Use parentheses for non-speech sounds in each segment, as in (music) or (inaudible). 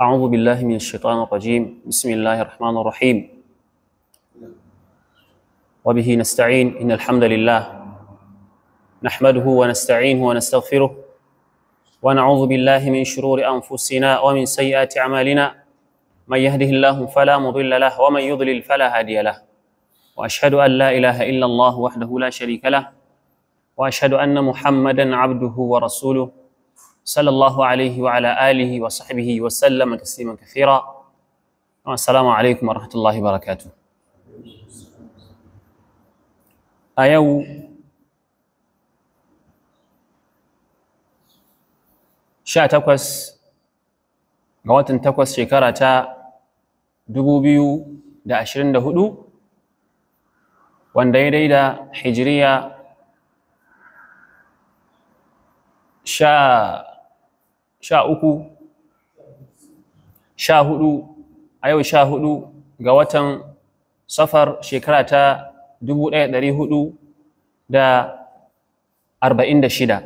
أعوذ بالله من الشيطان الرجيم بسم الله الرحمن الرحيم وبه نستعين إن الحمد لله نحمده ونستعينه ونستغفره ونعوذ بالله من شرور أنفسنا ومن سيئات أعمالنا من يهده الله فلا مضل له ومن يضلل فلا هادي له وأشهد أن لا إله إلا الله وحده لا شريك له وأشهد أن محمدا عبده ورسوله صلى الله عليه وعلى آله وصحبه وسلم تسليما كثيرا السلام عليكم ورحمة الله وبركاته أيو sha takwas ga watan takwas shekara ta dubu biyu da ashirin da hudu wanda ya daida hijiriya sha sha uku sha hudu a yau sha hudu ga watan safar shekara ta dubu ɗaya ɗari hudu da arba'in da shida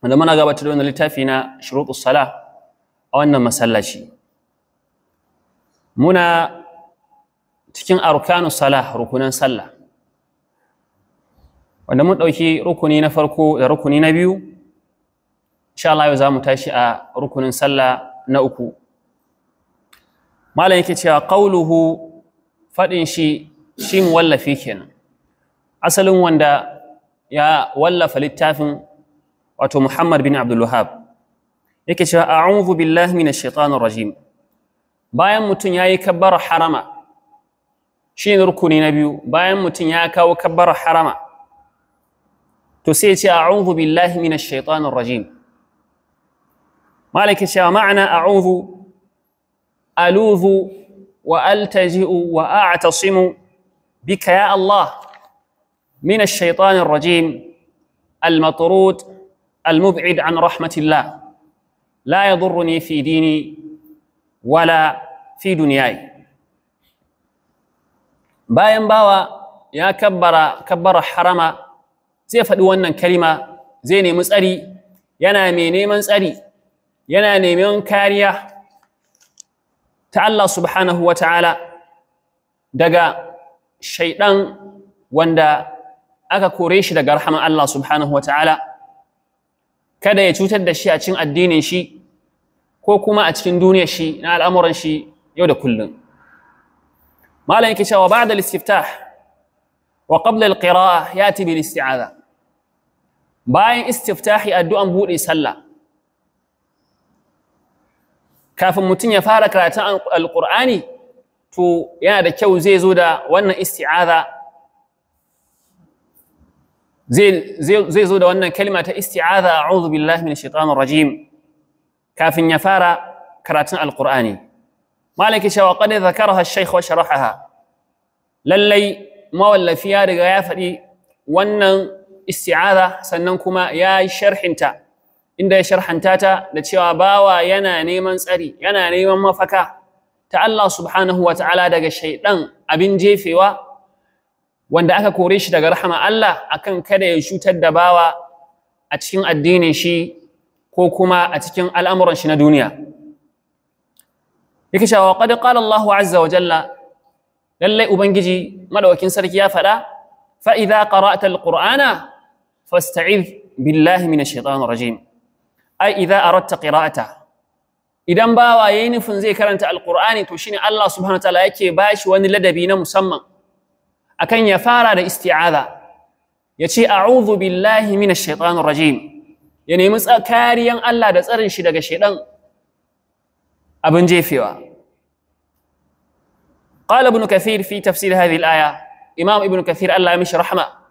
wanda muna gabata da wannan littafi na shuruɗu sala a wannan masallaci muna cikin arkanu sala rukunan sallah wanda mun ɗauki rukuni na farko da rukuni na biyu insha Allah yau zamu tashi a rukunin sallah na uku malam yake cewa qauluhu fadin shi shi wallafi kenan asalin wanda ya wallafa littafin wato Muhammad bin Abdul Wahhab yake cewa a'udhu billahi minash shaitanir rajim bayan mutun yayi kabbar harama shine rukuni na biyu bayan mutun ya kawo kabbar harama to sai ya ce a'udhu billahi minash shaitanir rajim malik cewa ma'ana a'udhu aludhu wa altaji'u wa a'tasimu bika ya Allah min ash-shaytanir rajim al-matrud al-mub'id an rahmatillah la yadurruni fi dini wala fi dunyayi bayan bawa ya kabbara kabbara harama zai faɗi wannan kalima zai nemi tsari yana mai neman tsari yana neman kariya ta Allah subhanahu wa ta'ala daga shaiɗan wanda aka kore shi daga rahaman Allah subhanahu wa ta'ala kada ya cutar da shi a cikin addinin shi ko kuma a cikin duniyar shi na al'amuran shi yau da kullum malam yake cewa ba'da al-istiftah wa qabla al-qira'ah yati bil isti'aza bayan istiftahi addu'an bude sallah kafin mutum ya fara karatun alqur'ani to yana da kyau zai zo da wannan isti'aza zai zo da wannan kalma ta isti'aza a'udhu billahi minash rajim kafin ya fara karatun alqur'ani malaki cewa qad zakaraha ash-shaykh wa sharahaha lallai mawallafi ya riga ya faɗi wannan isti'aza sannan kuma ya yi sharhinta inda ya sharhanta ta da cewa bawa yana neman tsari yana neman mafaka ta Allah subhanahu wa ta'ala daga shaidan abin jefewa wanda aka kore shi daga rahama Allah akan kada ya shutar da bawa a cikin addinin shi ko kuma a cikin al'amuran shi na duniya yake cewa qad qala Allah azza wa jalla lalle ubangiji madaukin sarki ya faɗa fa idza qara'ta alqur'ana fasta'iz billahi minash shaitanir rajim ai idza aratta qira'ata idan bawa yayin nufin zai karanta alqur'ani to shine Allah subhanahu ta'ala yake bashi wani ladabi na musamman akan ya fara da isti'aza yace a'udhu billahi minash shaitanir rajim ya nemi kariyan Allah da tsarin shi daga shaitan abin jefewa qala ibn kathir fi tafsir hadhihi al-aya imam ibn kathir Allah ya mishi rahma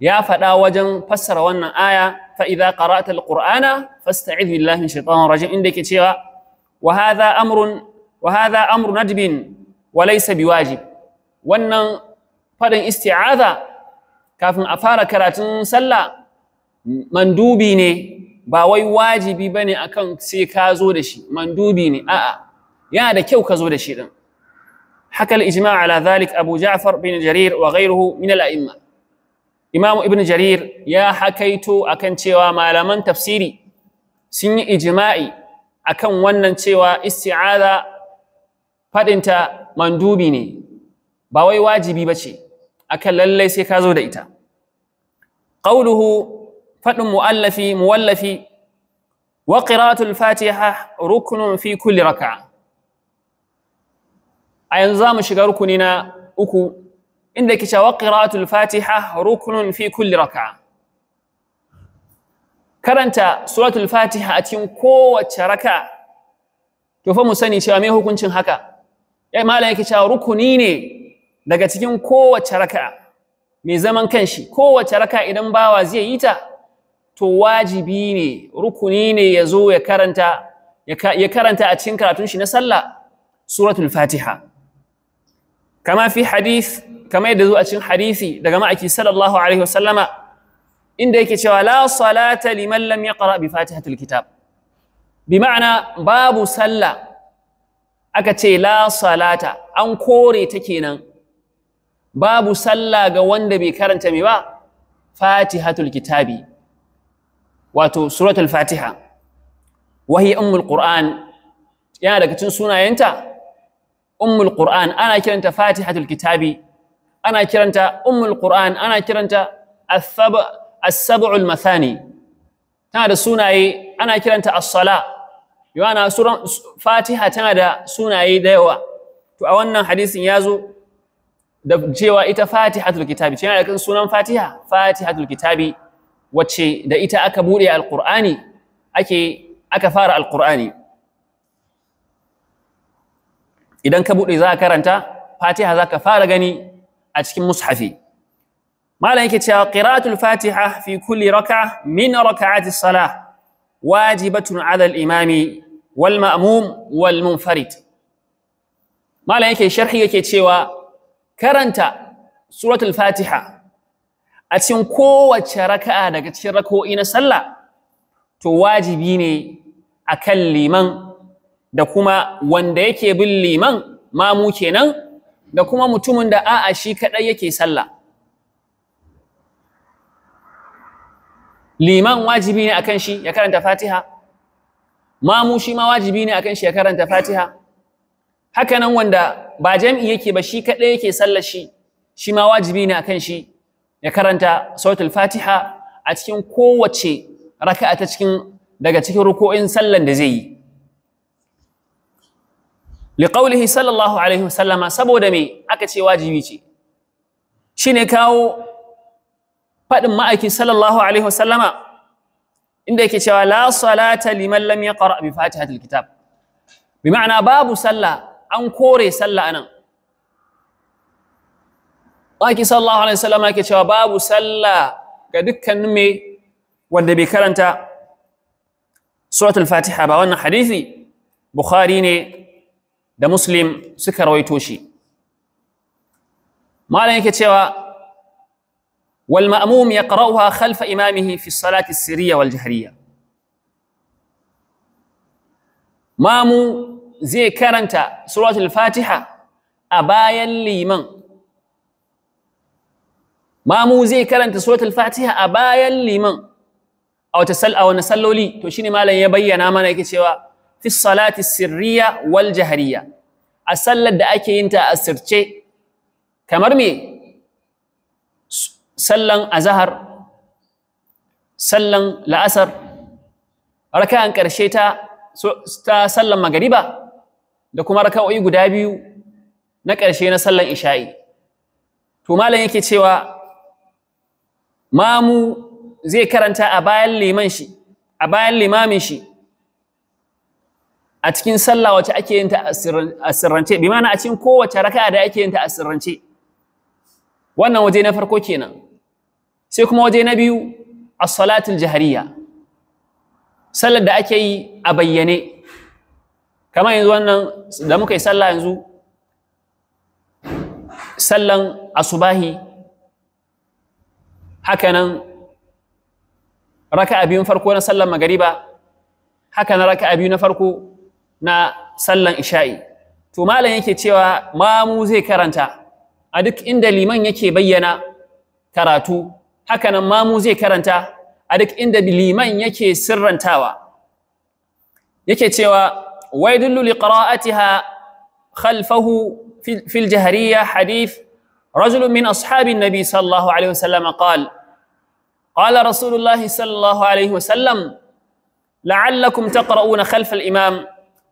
ya faɗa wajen fassara wannan aya fa idza qara'ta alqur'ana fasta'id billahi min shaitanir rajim inda yake cewa wa hadha amrun wa hadha amru nadbin wa laysa biwajib wannan faɗin isti'aza kafin a fara karatun sallah mandubi ne ba wai wajibi bane akan sai ka zo da shi mandubi ne a'a yana da kyau ka zo da shi din haka al-ijma' ala dhalik abu ja'far bin jarir wa ghayruhu min al-a'imma Imam ibn jarir ya hakaito akan cewa malaman tafsiri sun yi ijma'i akan wannan cewa isti'aza faɗinta mandubi ne ba wai wajibi ba ce akan lallai sai ka zo da ita qauluhu faɗin mu'allafi muwallafi wa fatiha ruknun fi kulli raka'a a yanzu za mu shiga rukuni na uku Inda ki قراءة الفاتحة ركن في كل ركعة karanta suratul fatiha a cikin kowace raka to fa mu sani cewa me hukuncin haka ya malam yake cewa rukuni ne daga cikin kowace rakaa? mai zaman kanshi kowace rakaa idan bawa zai yi ta to wajibi ne rukuni ne ya zo ya karanta ya karanta a cikin karatun shi na sallah suratul fatiha kama fi hadith kama yadda zuwa cikin hadisi daga ma'aiki sallallahu alaihi wasallama inda yake cewa la salata liman lam yaqra bi fatihatil kitab bi ma'ana babu sallah aka ce la salata an kore ta kenan babu sallah ga wanda bai karanta mai ba fatihatul kitabi wato suratul fatiha wahi ummul yana daga cikin sunayenta ummul qur'an ana kiranta fatihatul kitabi ana kiranta ummul qur'an ana kiranta as-sab'ul mathani tana da sunaye ana kiranta as-sala yana fatiha tana da sunaye da yawa to a wannan hadisin yazo da cewa ita fatihatul kitabi tana da sunan fatiha fatihatul kitabi wacce da ita aka bude alqur'ani ake aka fara alqur'ani idan ka buɗe za a karanta fatiha za ka fara gani a cikin mushafi malam yake cewa qira'atul fatiha fi kulli raka'a min raka'ati salah wajibatun 'ala al-imami wal ma'mum wal munfarid malam yake sharhi yake cewa karanta suratul fatiha a cikin kowace raka'a daga cikin rako'i na sallah to wajibi ne akan liman da kuma wanda yake bin liman mamu kenan da kuma mutumin da a'a shi kadai yake sallah liman wajibi ne akan shi ya karanta fatiha mamu shi ma wajibi ne akan shi ya karanta fatiha haka nan wanda ba jam'i yake ba shi kadai yake sallah shi shi ma wajibi ne akan shi ya karanta suratul fatiha a cikin kowace raka'a ta cikin daga cikin ruku'in sallan da zai yi liqaulihi sallallahu alaihi wasallama saboda me aka ce wajibi ce shine kawo faɗin ma'aiki sallallahu alaihi wasallama inda yake cewa la salata liman lam yaqra bi fatihatil kitab bi ma'ana babu sallah an kore sallah anan ma'aiki sallallahu alaihi wasallama yake cewa babu sallah ga dukkanin me wanda bai karanta suratul fatiha ba wannan hadisi bukhari ne da muslim suka rawaito shi malam yake cewa wal ma'mum yaqra'uha khalfa imamihi fi salati sirriya wal mamu zai karanta suratul fatiha a bayan liman mamu zai karanta suratul fatiha a bayan liman a wata wani salloli to shine malam ya bayyana mana yake cewa fi salati sirriya wal jahariya a sallar da ake yin ta a sirce kamar me sallan azhar sallan la'asar raka'an ƙarshe ta ta sallan magariba da kuma raka'o'i guda biyu na ƙarshe na sallan isha'i to malam yake cewa mamu zai karanta a bayan liman shi a bayan limamin shi a cikin sallah wacce ake yin ta a sirrance bi ma'ana a cikin kowace raka'a da ake yin ta a sirrance wannan waje na farko kenan sai kuma waje na biyu as-salatul jahriya sallar da ake yi a bayyane kamar yanzu wannan da muka yi sallah yanzu sallan asubahi hakanan raka'a biyun farko na sallar magariba hakanan raka'a biyu na farko na sallan isha'i to malam yake cewa mamu zai karanta a duk inda liman yake bayyana karatu hakanan mamu zai karanta a duk inda liman yake sirrantawa yake cewa waidullu liqira'atiha khalfahu fil jahriya hadith رجل من أصحاب النبي صلى الله عليه وسلم قال قال رسول الله صلى الله عليه وسلم لعلكم تقرؤون خلف الإمام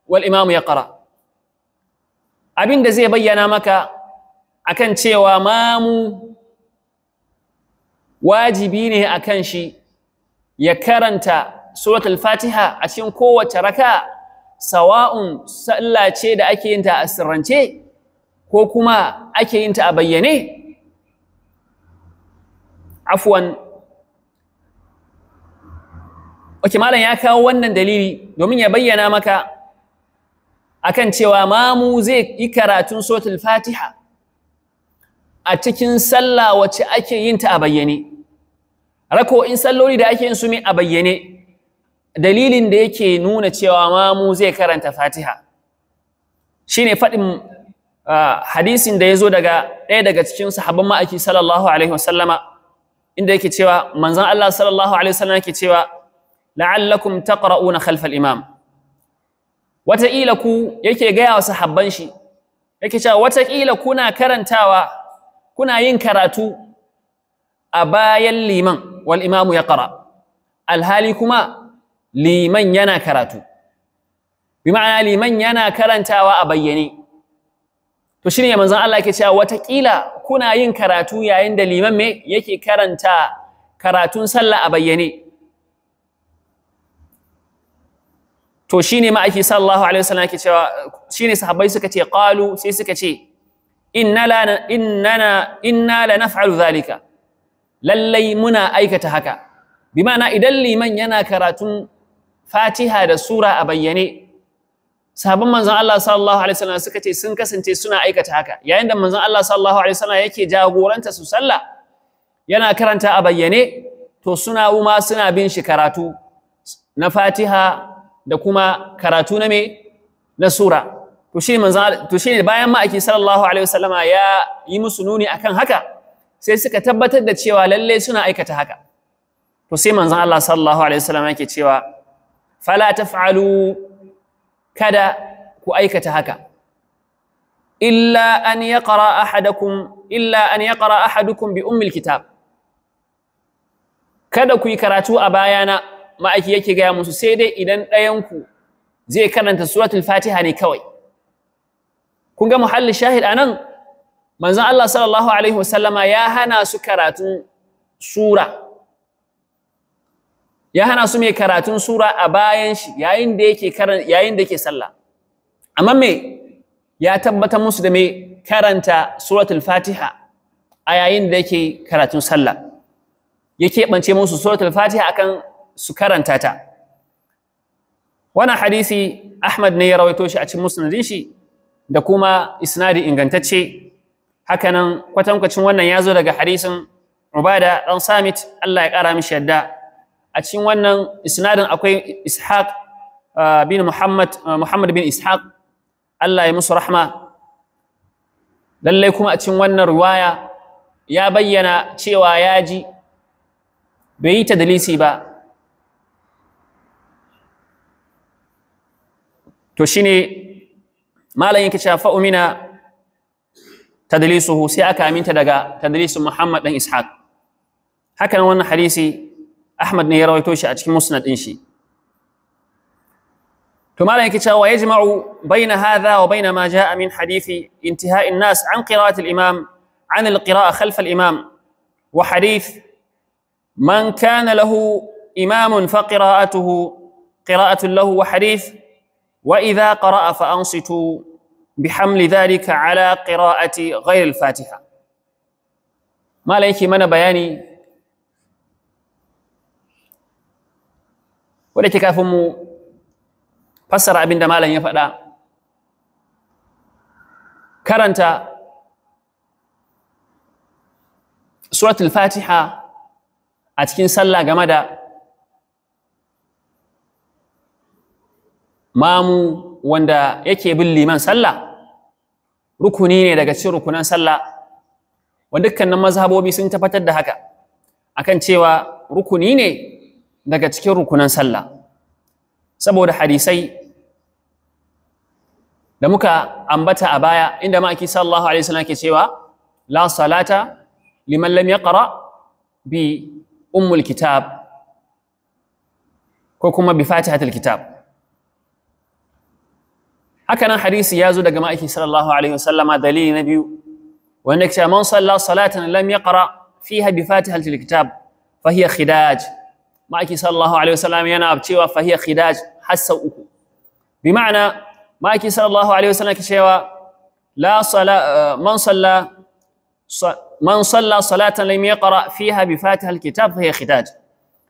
wal imamu ya qara abin da zai bayyana maka akan cewa mamu wajibi ne akan shi ya karanta suratul fatiha a cikin kowace raka sawa'un sallace da ake yin a sirrance ko kuma ake yin a bayyane afwan Oke malam ya kawo wannan dalili domin ya bayyana maka akan cewa mamu zai yi karatun suratul fatiha a cikin sallah wacce ake yin ta a bayyane rako in salloli da ake yin su a bayyane dalilin da yake nuna cewa mamu zai karanta fatiha shine faɗin hadisin da ya zo daga ɗaya daga cikin sahabban ma'aiki sallallahu alaihi wasallama inda yake cewa manzon Allah sallallahu alaihi wasallam yake cewa la'allakum taqra'una khalfal imam wataƙila ku yake gaya wa sahabban shi yake cewa wataƙila kuna karantawa kuna yin karatu a bayan liman wal imamu ya ƙara alhali kuma liman yana karatu bi ma'ana liman yana karantawa a bayyane to shine manzon Allah yake cewa wataƙila kuna yin karatu yayin da liman me yake karanta karatun sallah a bayyane to shine ma'aiki sallallahu alaihi wasallam yake cewa shine sahabbai suka ce qalu sai suka ce inna la innana inna la naf'alu dhalika lallai muna aikata haka bi ma'ana idan liman yana karatun fatiha da sura a bayyane sahabban manzon Allah sallallahu alaihi wasallam suka ce sun kasance suna aikata haka yayin da manzon Allah sallallahu alaihi wasallam yake jagoranta su sallah yana karanta a bayyane to suna uma suna bin shi karatu na fatiha da kuma karatu na me na sura to shi manzon to shi bayan ma'aiki sallallahu alaihi wasallama ya yi musu nuni akan haka sai suka tabbatar da cewa lalle suna aikata haka to sai manzon Allah sallallahu alaihi wasallama yake cewa fala taf'alu kada ku aikata haka illa an yaqra ahadukum illa an yaqra ahadukum bi ummil kitab kada ku yi karatu a bayana ma'aiki yake gaya musu sai dai idan ɗayanku zai karanta suratul fatiha ne kawai kun ga muhallin shahid anan manzon Allah sallallahu alaihi wasallama ya hana su karatun sura ya hana su mai karatun sura a bayan shi yayin da yake karan yayin da yake sallah amma me ya tabbata musu da mai karanta suratul fatiha a yayin da yake karatun sallah ya keɓance musu suratul fatiha akan su karanta ta wannan hadisi Ahmad ne ya rawaito shi a cikin musnadin shi da kuma isnadi ingantacce hakanan kwatankwacin wannan ya zo daga hadisin Ubada dan Samit Allah ya kara mishi yadda a cikin wannan isnadin akwai Ishaq uh, bin Muhammad uh, Muhammad bin Ishaq Allah ya musu rahma lallai kuma a cikin wannan riwaya ya bayyana cewa ya ji bai yi ta dalisi ba to shine malam yake cewa fa'umina tadlisuhu sai aka aminta daga tadlisu Muhammad dan Ishaq haka nan wannan hadisi Ahmad ne ya rawaito shi a cikin musnad din shi to malam yake cewa yajma'u baina hadha wa baina ma jaa min hadisi intihai an-nas an qira'ati al-imam an al-qira'a عن القراءة خلف الإمام وحديث من كان له إمام فقراءته قراءة له وحديث وإذا قرأ فأنصتوا بحمل ذلك على قراءة غير الفاتحة ما لك من بياني ولك كافم فسر أبن دمالا يفعل كرنت سورة الفاتحة أتكين صلى جمدا mamu wanda yake bin liman sallah rukuni ne daga cikin rukunan sallah wa dukkanin mazhabobi sun tabbatar da haka akan cewa rukuni ne daga cikin rukunan sallah saboda hadisai da muka ambata a baya inda ma'aiki sallallahu alaihi wasallam ke cewa la salata liman lam yaqra bi ummul kitab ko kuma bi fatihatul kitab haka nan hadisi ya zo daga ma'aiki sallallahu alaihi wasallama dalili na biyu wanda ke man salla salatan lam yaqra fiha bi fatihatil kitab fa hiya khidaj ma'aiki sallallahu alaihi wasallama yana cewa fa hiya khidaj hassa uku bi ma'ana ma'aiki sallallahu alaihi wasallama ke cewa la sala man salla man salla salatan lam yaqra fiha bi fatihatil kitab fa hiya khidaj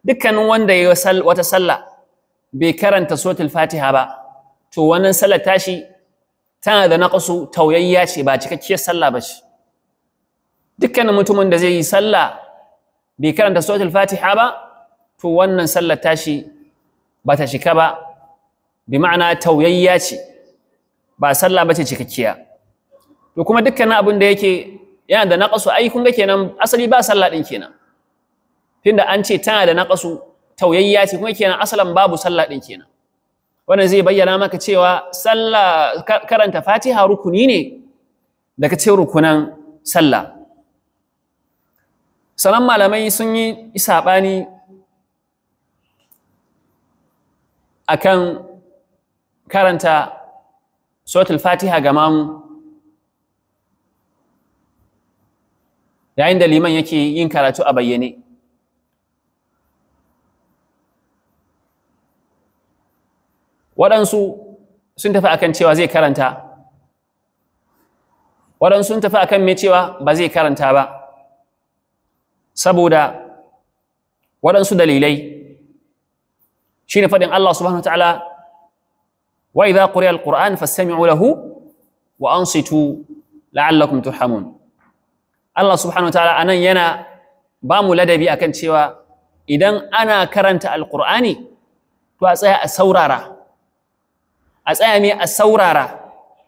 dukkanin wanda ya wata sallah bai karanta suratul fatiha ba to wannan sallar tashi tana da naqsu tauyayya ce ba cikakkiyar sallah ba ce dukkanin mutumin da zai yi sallah bai karanta suratul fatiha ba to wannan sallar tashi ba ta shika ba bi ma'ana tauyayya ce ba sallah ba ce cikakkiya to kuma dukkanin abin da yake yana da naqsu ai kun ga kenan asali ba sallah din kenan tunda an ce tana da naqsu tauyayya ce kuma kenan asalan babu sallah din kenan wannan zai bayyana maka cewa sallah karanta fatiha rukuni ne daga cikin rukunan sallah sanan malamai sun yi saɓani akan karanta suratul fatiha ga mamu yayin da liman yake yin karatu a bayyane waɗansu sun tafi akan cewa zai karanta waɗansu sun tafi akan mai cewa ba zai karanta ba saboda waɗansu dalilai shi ne faɗin Allah subhanahu wa ta'ala wa idha quriya alquran fastami'u lahu wa ansitu la'allakum turhamun Allah subhanahu wa ta'ala anan yana ba mu ladabi akan cewa idan ana karanta alqur'ani to a tsaya a saurara a tsaya ne a saurara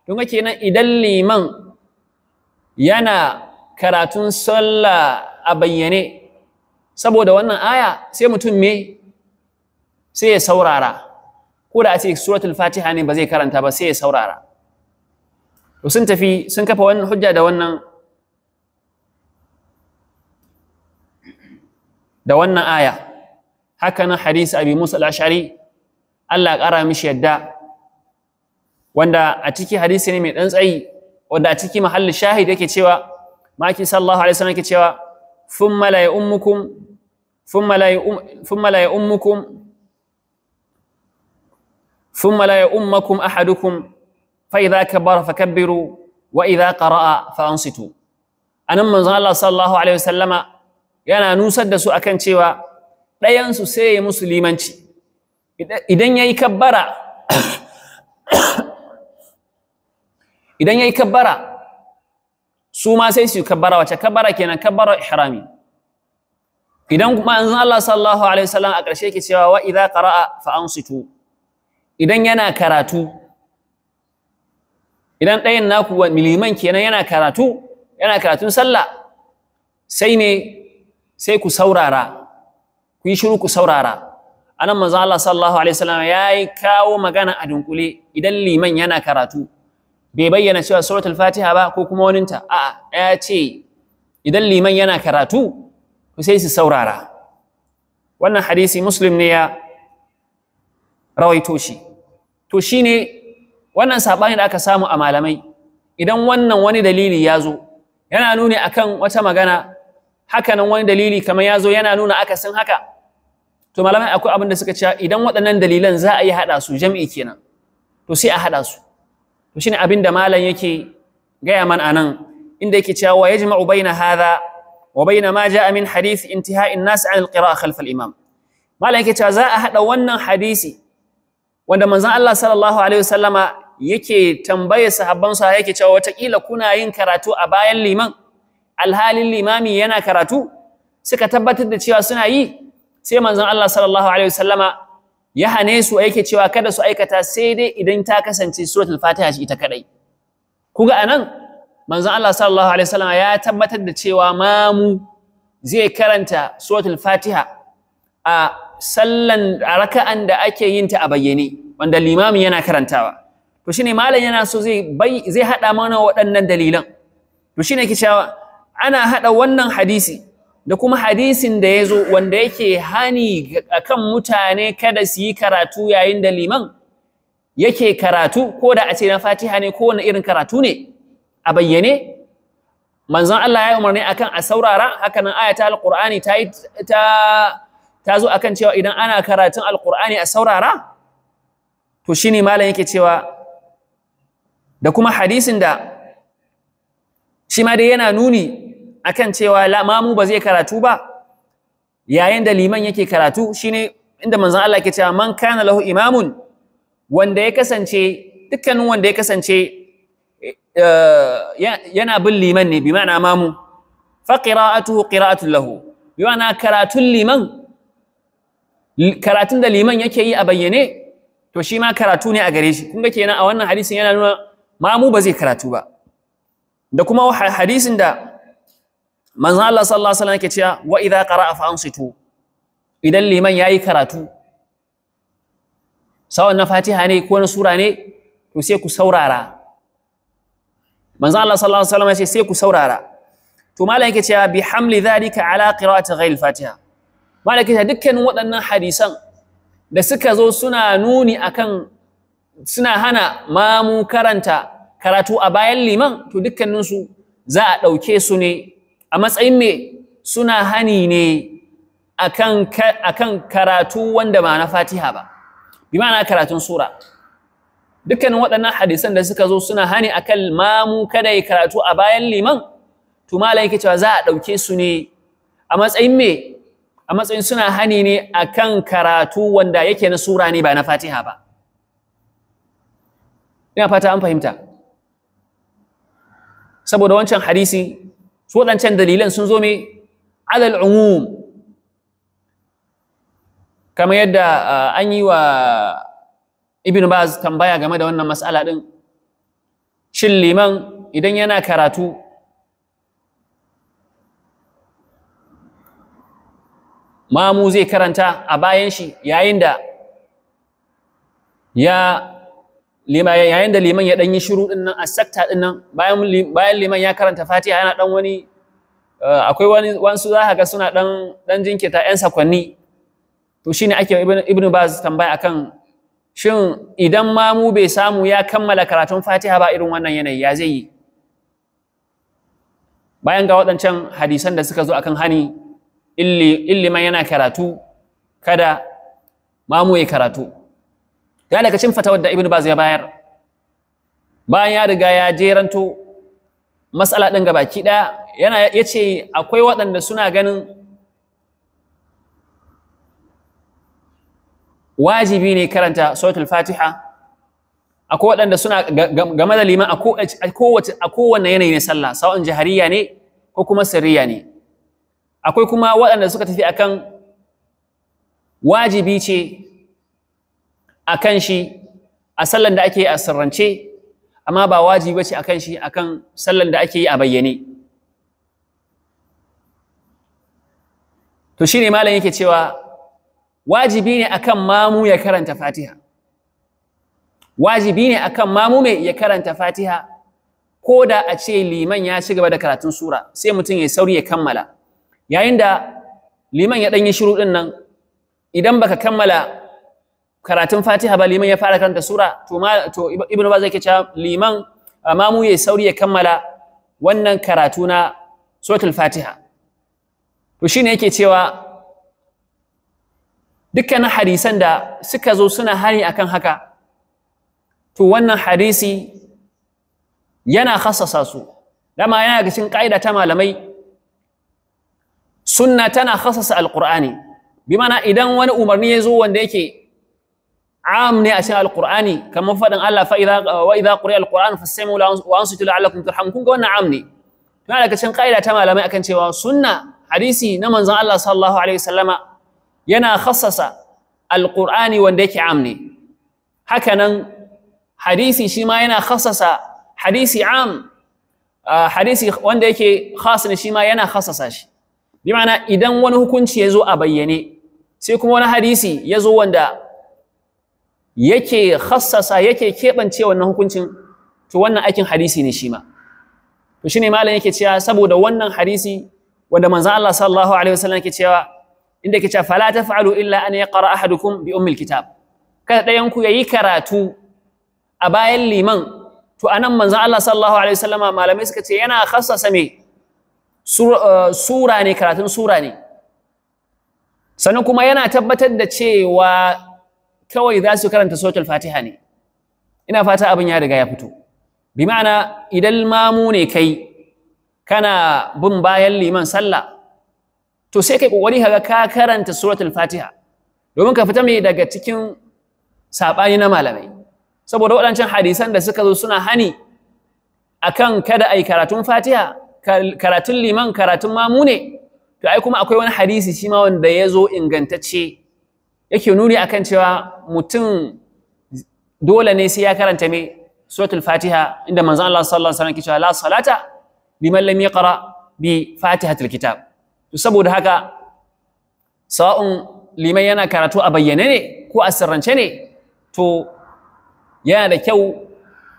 don haka kenan idan liman yana karatun sallah a bayyane saboda wannan aya sai mutum me sai ya saurara ko da a ce suratul fatiha ne ba zai karanta ba sai ya saurara to sun tafi sun kafa wannan hujja da wannan da wannan aya haka nan hadisi abi musa al-ashari Allah ya kara mishi yadda wanda a ciki hadisi ne mai dan tsayi wanda a ciki mahalli shahid yake cewa maki sallallahu alaihi wasallam yake cewa thumma la ummukum? thumma la ya'um thumma la ummukum thumma la ya'ummakum ahadukum fa idza kabbara fakabbiru wa idza qara'a fa ansitu anan manzon Allah sallallahu alaihi wasallama yana nusar da su akan cewa ɗayan su sai ya musulmanci idan yayi kabbara idan yayi kabbara su ma sai su kabbara wace kabbara kenan kabbara ihrami idan manzon Allah sallallahu alaihi wasallam a ƙarshe yake cewa wa idza qara'a fa ansitu idan yana karatu idan ɗayan naku miliman kenan yana karatu yana karatun sallah sai ne sai ku saurara ku yi shiru ku saurara anan manzon Allah sallallahu alaihi wasallam yayi kawo magana a dunkule idan liman yana karatu bai bayyana cewa suratul fatiha ba ko kuma waninta a'a ya ce idan liman yana karatu ku sai su saurara wannan hadisi muslim ne ya rawaito shi to ne wannan saɓani da aka samu a malamai idan wannan wani dalili ya zo yana nuni kan wata magana hakanan wani dalili kamar ya zo yana nuna akasin haka to malamai akwai abin da suka ce idan waɗannan dalilan za a yi haɗa su jam'i kenan to sai a haɗa su to shine abin da malam yake gaya man anan inda yake cewa wa yajma'u baina hadha wa baina ma ja'a min hadith intihai an-nas 'an al-qira'a khalf al-imam malam yake cewa za a hada wannan hadisi wanda manzon Allah sallallahu alaihi wasallama yake tambaye sahabban sa yake cewa watakila kuna yin karatu a bayan liman alhalin limami yana karatu suka tabbatar da cewa suna yi sai manzon Allah sallallahu alaihi wasallama ya hane su yake cewa kada su aikata sai dai idan ta kasance suratul fatiha shi ita kadai kuga anan manzon Allah sallallahu alaihi wasallam ya tabbatar da cewa mamu zai karanta suratul fatiha a sallan raka'an da ake yin ta a bayyane wanda limamin yana karantawa to shine malam yana so zai zai hada mana waɗannan dalilan to shine yake cewa ana hada wannan hadisi da kuma hadisin da ya zo wanda yake hani akan mutane kada su yi karatu yayin da liman yake karatu ko da a ce na fatiha ne ko wani irin karatu ne a bayyane manzon Allah ya umarni akan a saurara hakanan ayata alqur'ani ta ta ta zo akan cewa idan ana karatun alqur'ani a saurara to shine malam yake cewa da kuma hadisin da shi ma dai yana nuni akan cewa mamu ba zai karatu ba yayin da liman yake karatu shine inda manzon Allah ke cewa man kana lahu imamun wanda ya kasance dukkanin wanda ya kasance eh, yana bin liman ne bi ma'ana mamu fa qira'atuhu qira'atun lahu bi ma'ana karatun liman karatun da liman yake yi a bayyane to shi ma karatu ne a gare shi kun ga kenan a wannan hadisin yana nuna mamu ba zai karatu ba da kuma hadisin da manzon Allah sallallahu alaihi wasallam yake cewa wa idza qara'a fa ansitu idan liman yayi karatu sawan na Fatiha ne ko na sura ne to sai ku saurara manzon Allah sallallahu alaihi wasallam ya ce sai ku saurara to malam yake cewa bi hamli dhalika ala qira'ati ghayr al-Fatiha malam yake cewa dukkanin waɗannan hadisan da suka zo suna nuni akan suna hana mamu karanta karatu a bayan liman to dukkaninsu za a ɗauke su ne a matsayin me suna hani ne akan kan karatu wanda ba na Fatiha ba bi ma'ana karatun sura dukkanin waɗannan hadisan da suka zo suna hani akan mamu kada ya karatu a bayan liman to malam yake cewa za a ɗauke su ne a matsayin me a matsayin suna hani ne akan karatu wanda yake na sura ne ba na Fatiha ba ina fata an fahimta saboda wancan hadisi su waɗancan dalilan sun zo me alal umum kamar yadda ah, an yi wa ibn baz tambaya game da wannan mas'ala ɗin shin liman idan yana karatu mamu zai karanta a bayan shi yayin da ya yayin da liman ya dan yi shiru din nan asakta din nan bayan bayan liman ya karanta Fatiha yana dan wani eh, akwai wani wansu za ka ga suna dan dan jinkita yan sakwanni to shine ake ibn ibnu baz tambaya akan shin idan mamu bai samu ya kammala karatun Fatiha ba irin wannan yanayi ya zai yi bayan ga waɗancan hadisan da suka zo akan hani illi man yana karatu kada mamu ya karatu ya daga cin fatawar da ibnu baz ya bayar bayan ya riga ya jeranto matsala ɗin ki da yana yace akwai waɗanda suna ganin wajibi ne karanta suratul fatiha akwai waɗanda suna game da liman a kowane yanayi ne sallah sawan jahariya ne ko kuma sirriya ne akwai kuma waɗanda suka tafi akan wajibi ce kan shi a sallan da ake yi a sirrance amma ba wajibi ce kan shi kan sallan da ake yi a bayyane to shi ne malam yake cewa wajibi ne akan mamu ya karanta Fatiha wajibi ne akan mamu mai ya karanta Fatiha ko da a ce liman ya ci gaba da karatun sura sai mutum ya sauri ya kammala yayin da liman ya ɗan yi shiru ɗin nan idan baka kammala karatun Fatiha ba liman ya fara karanta sura to ma to Ibn Baz yake cewa liman mamu ya sauri ya kammala wannan karatu na suratul Fatiha to shine yake cewa dukkanin hadisan da suka zo suna hani akan haka to wannan hadisi yana khassasa su dama yana ga cikin ka'ida ta malamai sunna tana khassasa alqur'ani bi idan wani umarni ya zo wanda yake am ne a cikin alqur'ani kamar faɗin Allah fa idza wa idza quriya alqur'an fastami'u wa ansitu la'allakum turhamun kun ga wannan am ne tana daga cikin kaida ta malamai akan cewa sunna hadisi na manzon Allah sallallahu alaihi wasallama yana khassasa alqur'ani wanda yake am ne hadisi shi ma yana khassasa hadisi am hadisi wanda yake khas ne shi ma yana khassasa shi idan wani hukunci ya zo a bayyane sai kuma wani hadisi ya zo wanda yake khassasa yake keɓance wannan hukuncin to wannan aikin hadisi ne shi ma to shine malam yake cewa saboda wannan hadisi wanda manzon Allah sallallahu alaihi wasallam yake cewa inda yake cewa fala taf'alu illa an yaqra ahadukum bi ummil kitab kada dayan ku yayi karatu a bayan liman to anan manzon Allah sallallahu alaihi wasallama malamai suka ce yana khassasa me eh, sura ne karatun sura ne sannan kuma yana tabbatar da cewa kawai za su karanta suratul fatiha ne ina fata abin ya riga ya fito bi ma'ana idan mamu ne kai kana bin bayan liman sallah to sai kai kokari kaga ka karanta suratul fatiha domin ka fita mai daga cikin sabani na malamai saboda waɗancan hadisan da suka zo suna hani akan kada ai karatun fatiha karatun liman karatun mamu ne to ai kuma akwai wani hadisi shi ma wanda ya zo ingantacce yake nuni akan cewa mutum dole ne sai ya karanta me suratul fatiha inda manzon Allah sallallahu alaihi wasallam ke cewa la salata liman lam yaqra bi fatihatil kitab to saboda haka sawa'un liman yana karatu a bayyane ne ko a sirrance ne to yana da kyau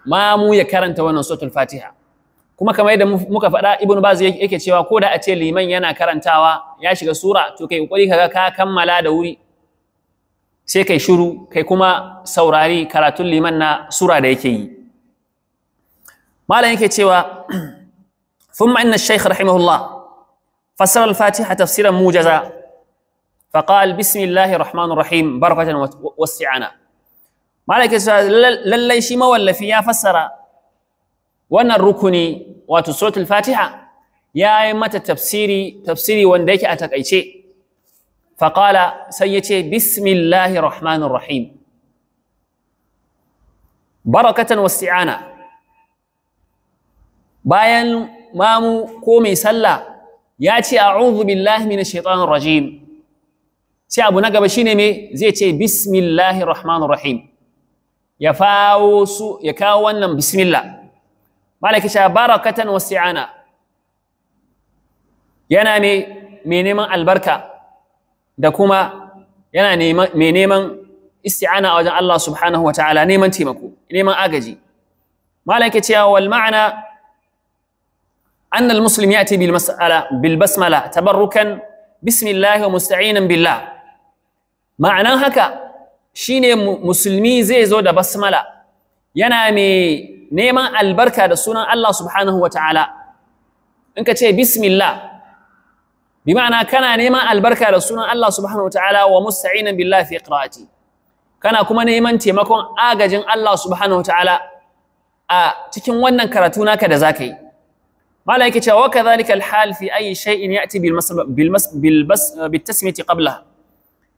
ma mu ya karanta wannan suratul fatiha kuma kamar yadda muka faɗa ibnu baz yake cewa ko da a ce liman yana karantawa ya shiga sura to kai kokari kaga ka kammala da wuri sai kai shuru kai kuma saurari karatun liman na sura da yake yi malam yake cewa thumma inna ash-shaykh rahimahullah fassara al-fatiha tafsiran mujaza fa qala bismillahir rahmanir rahim barakatan wasi'ana malam yake cewa lallai shi mawallafi ya fasara. wannan rukuni wato suratul fatiha ya yi mata tafsiri tafsiri wanda yake a takaice faƙala sai ya ce bismillahi rahmanir rahim barakatan wasi'ana bayan mamu ko mai sallah ya ce a'udhu billahi minash shaitanir rajim sai abu na gaba shine me zai ce bismillahi rahmanir rahim ya fawo su ya kawo wannan bismillah malaki sha barakatan wasi'ana yana me mai neman albarka da kuma yana mai neman isti'ana a wajen Allah subhanahu wa ta'ala neman taimako neman agaji malam yake cewa wal ma'ana annal muslim ya ta bil bil basmala tabarrukan bismillah wa musta'inan billah ma'anan haka shine musulmi zai zo da basmala yana mai neman albarka da sunan Allah subhanahu wa ta'ala in ka ce bismillah bi ma'ana kana neman albarka da sunan Allah subhanahu wataala wa musta'inan billahi fi qira'ati kana kuma neman taimakon agajin Allah subhanahu wataala a cikin wannan karatu naka da zaka yi yake cewa kadhalika alhal fi ayi shay'in ya'ti bil bil bil qabla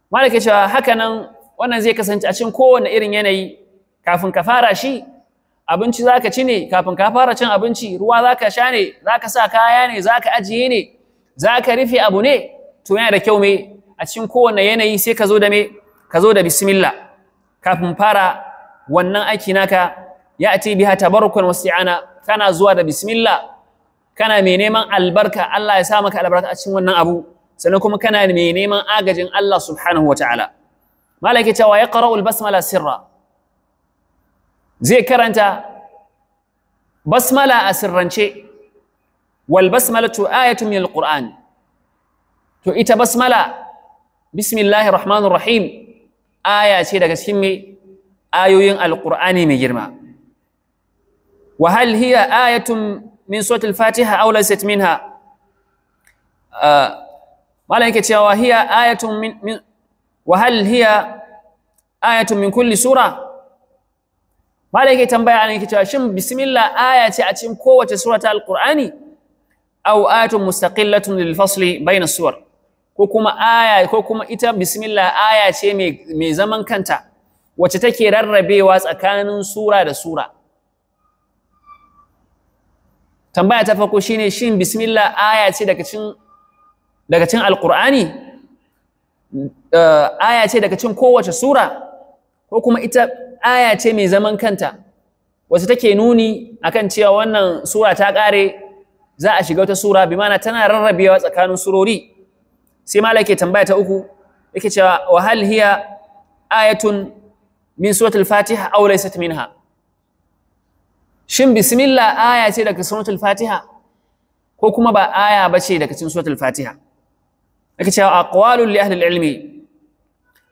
mala yake cewa haka nan wannan zai kasance a cikin kowanne irin yanayi kafin ka fara shi abinci zaka ci ne kafin ka fara cin abinci ruwa zaka sha ne zaka sa kaya ne zaka ajiye ne za ka rufe abu ne to yana da kyau me a cikin kowane yanayi sai ka zo da me ka zo da bismillah kafin fara wannan aiki naka ya ati biha tabarukan wasi'ana kana zuwa da bismillah kana mai neman albarka Allah ya sa maka albarka a cikin wannan abu sannan kuma kana mai neman agajin Allah subhanahu wataala malaka cewa ya qara'u basmala sirra zai karanta basmala a sirrance wal basmalatu ayatun min alquran to ita basmala bismillahir rahmanir rahim aya ce daga cikin me ayoyin alqur'ani mai girma wa hal hiya ayatun min suratul fatiha aw laysat minha ah, malam yake cewa hiya ayatun min, min wa hal hiya ayatun min kulli sura malam yake tambaya an yake cewa shin bismillah aya ce a cikin kowace sura ta aw atun mustaqillatun lil fasli bayna suwar ko kuma aya ko kuma ita bismillah aya ce mai zaman kanta wacce take rarrabewa tsakanin sura da sura tambaya ta farko shine shin bismillah aya ce daga cikin daga cikin alqur'ani eh, aya ce daga cikin kowace sura ko kuma ita aya ce mai zaman kanta wacce take nuni akan cewa wannan sura ta kare za a shiga wata sura bi mana tana rarrabewa tsakanin surori sai malai ke tambaya ta uku yake cewa wa hal hiya ayatun min suratul fatiha aw laysat minha shin bismillah aya ce daga suratul fatiha ko kuma ba aya ba ce daga cikin suratul fatiha yake cewa aqwalul li ahli ilmi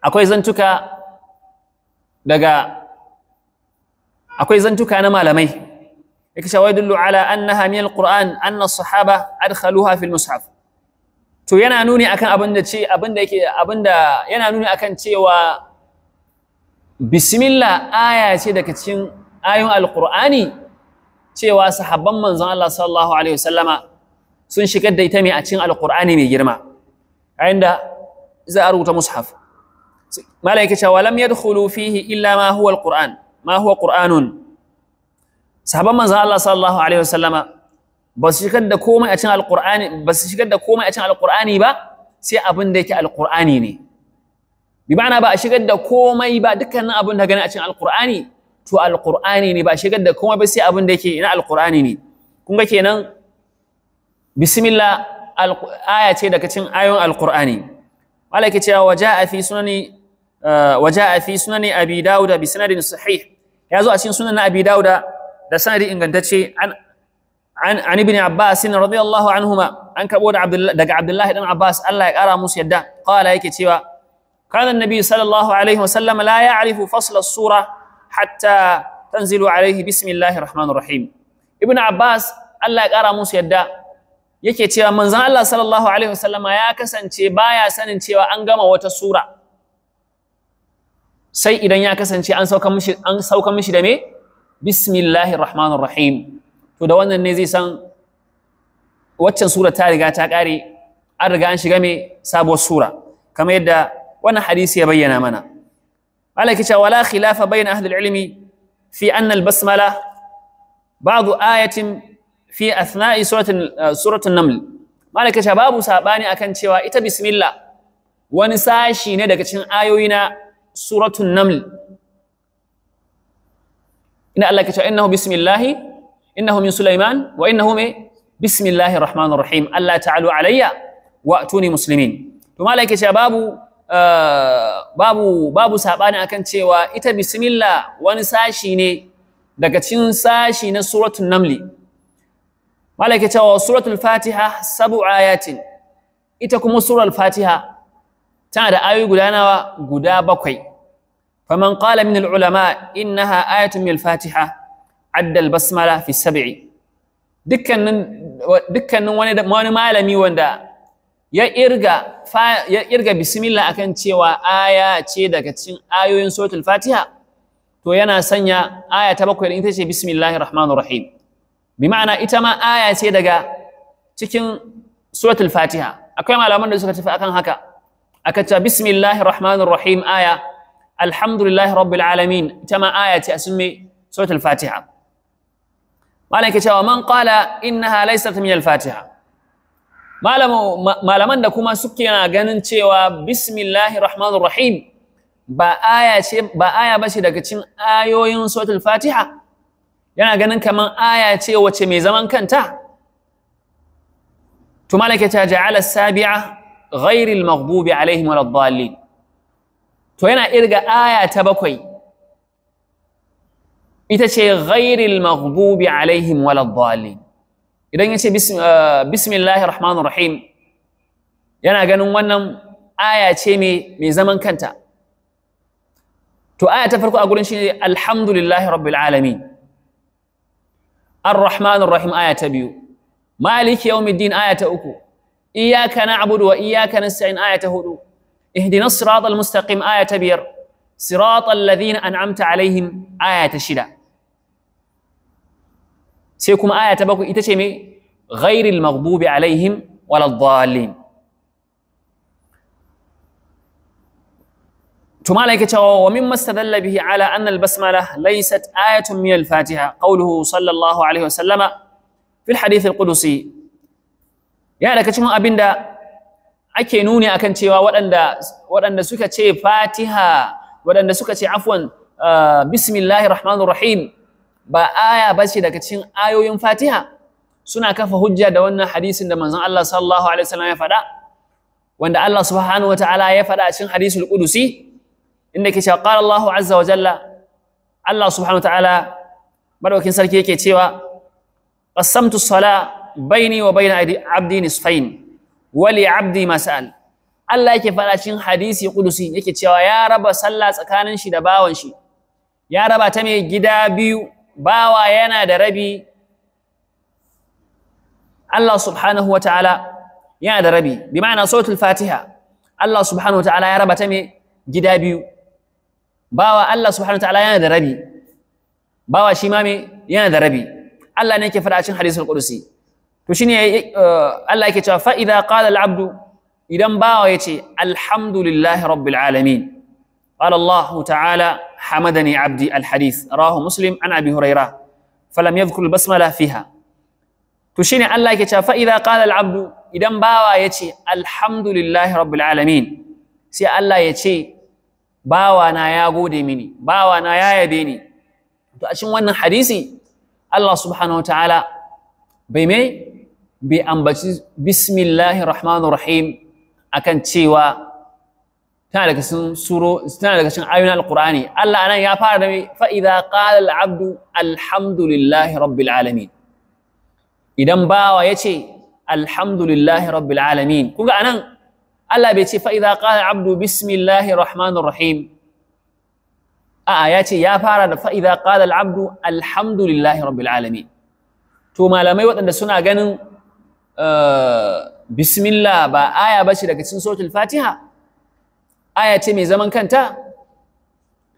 akwai zantuka daga akwai zantuka na malamai yake yadullu ala annaha min alquran anna sahaba adkhaluha fil mushaf to yana nuni akan abin da yana nuni akan cewa bismillah aya ce daga cikin ayoyin alqur'ani cewa sahabban manzon Allah sallallahu alaihi wasallama sun shigar da ita a a cikin alqur'ani mai girma inda za a rubuta mushaf malaika cewa lam yadkhulu fihi illa ma huwa alqur'an sahabban manzon Allah sallallahu alaihi wasallama ba su shigar da komai a cikin alqur'ani ba su shigar da komai a cikin alqur'ani ba sai abin da yake alqur'ani ne bi ma'ana ba a shigar da komai ba dukkanin abin da gani a cikin alqur'ani to alqur'ani ne ba a shigar da komai ba sai abin da yake ina alqur'ani ne kun ga kenan bismillah aya ce daga cikin ayoyin alqur'ani malaka cewa waja'a fi sunani eh, waja'a fi sunani abi dauda bi sanadin sahih yazo a cikin sunan abi dauda da sanadi ingantacce an an an ibn abbas radiyallahu anhuma an kabo da abdullah daga Abdullahi dan abbas Allah ya kara musu yadda qala yake cewa kana annabi sallallahu alaihi wa wasallam la ya'rifu fasla as-sura hatta tanzilu alaihi bismillahir rahmanir rahim ibn abbas Allah ya kara musu yadda yake cewa manzon Allah sallallahu alaihi wa wasallama ya kasance baya sanin cewa an gama wata sura sai idan ya kasance an sauka mishi an sauka mishi da me Bismillahi rahmanir rahim to da wannan ne zai san waccan sura ta riga ta kare an riga an shiga mai sabuwar sura kamar yadda wannan hadisi ya bayyana mana malaki cewa wala khilafa bayna ahlul ilmi fi anna al-basmala ba'd ayatin fi athna'i suratin eh, suratul naml malaki cewa babu sabani akan cewa ita bismillah wani sashi ne daga cikin ayoyi na suratul naml ina Allah ke cewa innahu bismillahi innahu min Sulaiman wa innahu me bismillahir rahmanir rahim Allah ta'alu alayya wa atuni muslimin to malai ke cewa babu eh, babu babu sabani akan cewa ita bismillah wani sashi ne daga cikin sashi na suratul namli malai ke cewa suratul fatiha sabu ayatin ita kuma surar fatiha tana da ayoyi guda nawa guda bakwai Fa قال من العلماء إنها آية من الفاتحة عد البسملة في السبع dukkanin wani malami wanda ya irga ya akan cewa aya ce daga cikin ayoyin suratul fatiha to yana sanya aya ta bakwai ita ce bismillahir rahmanir rahim bi ma'ana ita ma aya ce daga cikin suratul fatiha akwai malaman da suka tafi akan haka aka ce bismillahir rahmanir rahim aya alhamdulillahi rabbil alamin ita ma aya ce a sun me suratul fatiha malam ke cewa man qala innaha laysat min al-fatiha malaman da kuma suke na ganin cewa bismillahi rahmanir rahim ba aya ce ba aya bace daga cikin ayoyin suratul fatiha yana ganin kaman aya ce wace mai zaman kanta to malaka ta ja'ala sabi'a ghairil maghdubi alaihim waladdallin to yana irga aya ta bakwai ita ce ghairil maghdubi alaihim waladdallin idan yace eh, bismillahir rahmanir rahim yana ganin wannan aya ce mai zaman kanta to aya ta farko a gurin shine alhamdulillahi rabbil alamin arrahmanir rahim aya ta biyu maliki yawmiddin aya ta uku iyyaka na'budu wa iyyaka nasta'in aya ta hudu اهدنا الصراط المستقيم آية تبير صراط الذين أنعمت عليهم آية تشدا سيكم آية تبكو إتشمي غير المغضوب عليهم ولا الضالين ثم عليك ومما استدل به على أن البسملة ليست آية من الفاتحة قوله صلى الله عليه وسلم في الحديث القدسي يعني كتشمو أبندا ake nuni akan cewa waɗanda waɗanda suka ce Fatiha waɗanda suka ce afwan ah, bismillahir rahmanir rahim ba aya bace daga cikin ayoyin Fatiha suna kafa hujja da wannan hadisin da manzon Allah sallallahu alaihi wasallam ya faɗa wanda Allah subhanahu wataala ya faɗa a cikin hadisul qudusi inda ke cewa qala Allahu azza wa jalla Allah subhanahu wataala madaukin sarki yake cewa qasamtu as-sala baini wa baina abdi nisfain wali abdi mas'al Allah yake faɗa cikin hadisi kudusi yake cewa ya raba sallah tsakanin shi da bawan shi ya raba ta mai gida biyu bawa yana da rabi Allah subhanahu wa ta'ala yana da rabi bi ma'ana sautul fatiha Allah subhanahu wa ta'ala ya raba ta mai gida biyu bawa Allah subhanahu wa ta'ala yana da rabi bawa shi ma mai yana da rabi Allah ne yake faɗa cikin hadisul qudusi to shine eh, eh, Allah yake cewa fa idza qala abdu idan bawa yace alhamdulillahi rabbil alamin qala Allah ta'ala hamadani abdi al rahu muslim an abi hurairah falam yadhkur al basmala fiha to Allah yake cewa fa idza qala abdu idan bawa yace Alhamdulilahi rabbil alamin sai Allah ya ce bawana ya gode mini bawana ya yabe ni to a cikin wannan hadisi Allah subhanahu ta'ala bai mai bai ambaci bismillahi rahmanu rahim akan cewa tana daga cikin suro tana daga cikin ayoyin alqur'ani Allah anan ya fara da fa idza qala al-abdu alhamdulillahi rabbil alamin idan bawa yace alhamdulillahi rabbil alamin kuga anan Allah bai ce fa idza qala al-abdu bismillahir rahmanir rahim a ya ce ya fara da fa'iza ƙalar abdu alhamdulillahi rabbil alami to malamai waɗanda suna ganin Eh, bismillah ba aya ba ce daga cikin suratul fatiha aya ce mai zaman kanta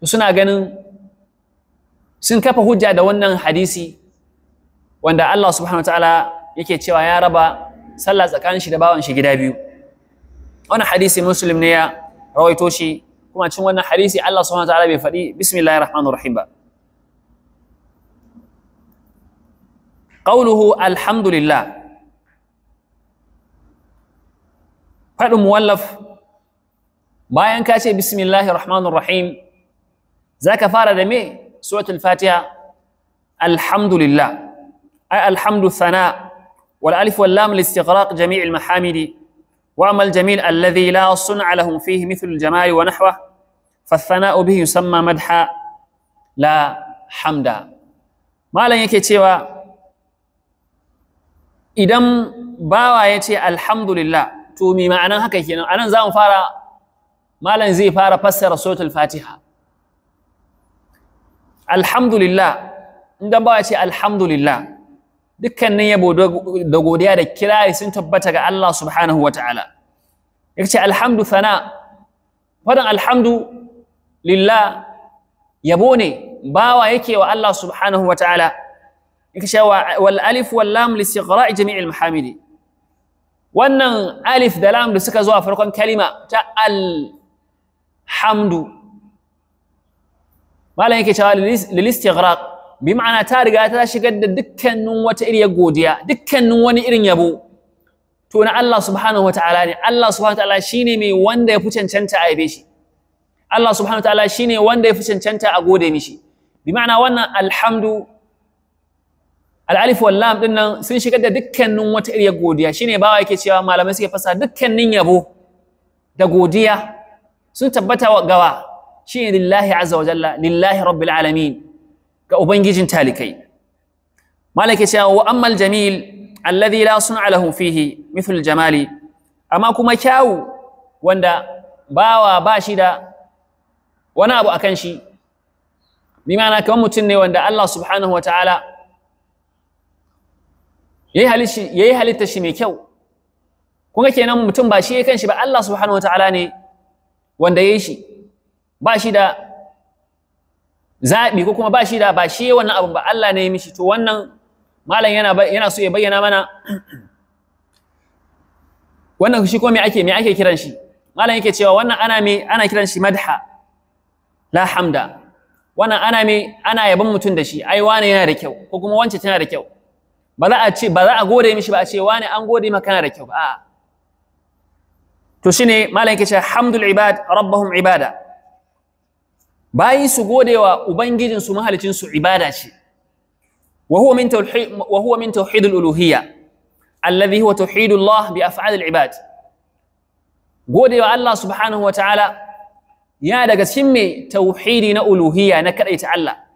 suna ganin sun kafa hujja da wannan hadisi wanda Allah subhanahu wataala yake cewa ya raba sallah tsakanin shi da bawan shi gida biyu wannan hadisi muslim ne ya rawaito shi kuma cikin wannan hadisi Allah subhanahu wataala bai faɗi bismillahir rahmanir rahim ba qawluhu alhamdulillah faɗin muwallaf bayan ka ce bismillahir rahmanir rahim zaka fara da me suratul fatiha alhamdulillah Ai alhamdu thana wal alif wal lam li istighraq jami' wa amal jamil alladhi la sun'a lahum fihi mithl al jamal wa nahwa fa thana madha la hamda malan yake cewa idan bawa alhamdu lillah. to me ma'anan haka kenan anan za mu fara malam zai fara fassara suratul fatiha alhamdulillah inda ba ce alhamdulillah dukkanin yabo da godiya da kirari sun tabbata ga Allah subhanahu wa ta'ala Ya ce alhamdu sana fadan alhamdu lillah yabo ne bawa yake wa Allah subhanahu wa ta'ala yace wal alif wal lam li istighra'i jami'il mahamidi wannan alif da lam da suka zuwa a farkon kalima ta alhamdu malam yake cewa lilistighraq bi ma'ana ta riga ta shigar da dukkanin wata iriyar godiya dukkanin wani irin yabo to na Allah subhanahu ta'ala ne Allah subhanahu ta'ala shine mai wanda ya fi cancanta a yabe shi Allah subhanahu wataala shine wanda ya fi cancanta a gode mishi bi ma'ana wannan alhamdu al'alif wal nan sun shigar da dukkanin wata iriyar godiya shine bawa yake cewa malamai suke fasa dukkanin yabo da godiya sun tabbata wa gawa shine lillahi azza wa jalla lillahi rabbil alamin ga ubangijin talikai malaka cewa wa ammal jamil alladhi la sun'a lahu fihi mithl jamali amma kuma kyawu wanda bawa ba shi da wani abu akan shi bi ma'ana kamar mutum ne wanda Allah subhanahu wa ta'ala yayi halitta shi mai kyau Kuma kenan mutum ba shi ya shi ba Allah subhanahu ta'ala ne wanda ya yi shi ba shi da zaɓi ko kuma ba shi da ba shi wannan abun ba Allah ne ya mishi to wannan malam yana yana so ya bayyana mana (clears throat) wannan shi ko me ake me ake kiran shi malam yake cewa wannan ana me ana kiran shi madha la hamda wannan ana me ana yabon mutum da shi ai wane yana da kyau ko kuma wance tana da kyau ba za a ce ba za a gode mishi ba a ce wani an gode maka kana da kyau ba to shine malam yake cewa hamdul ibad rabbahum ibada bayi su godewa ubangijin su mahalicin su ibada ce wa huwa min tauhid wa huwa min tauhid al-uluhiyya alladhi huwa tauhid Allah bi af'al al-ibad godewa Allah subhanahu wa ta'ala ya daga cikin me tauhidi na uluhiyya na kadaita Allah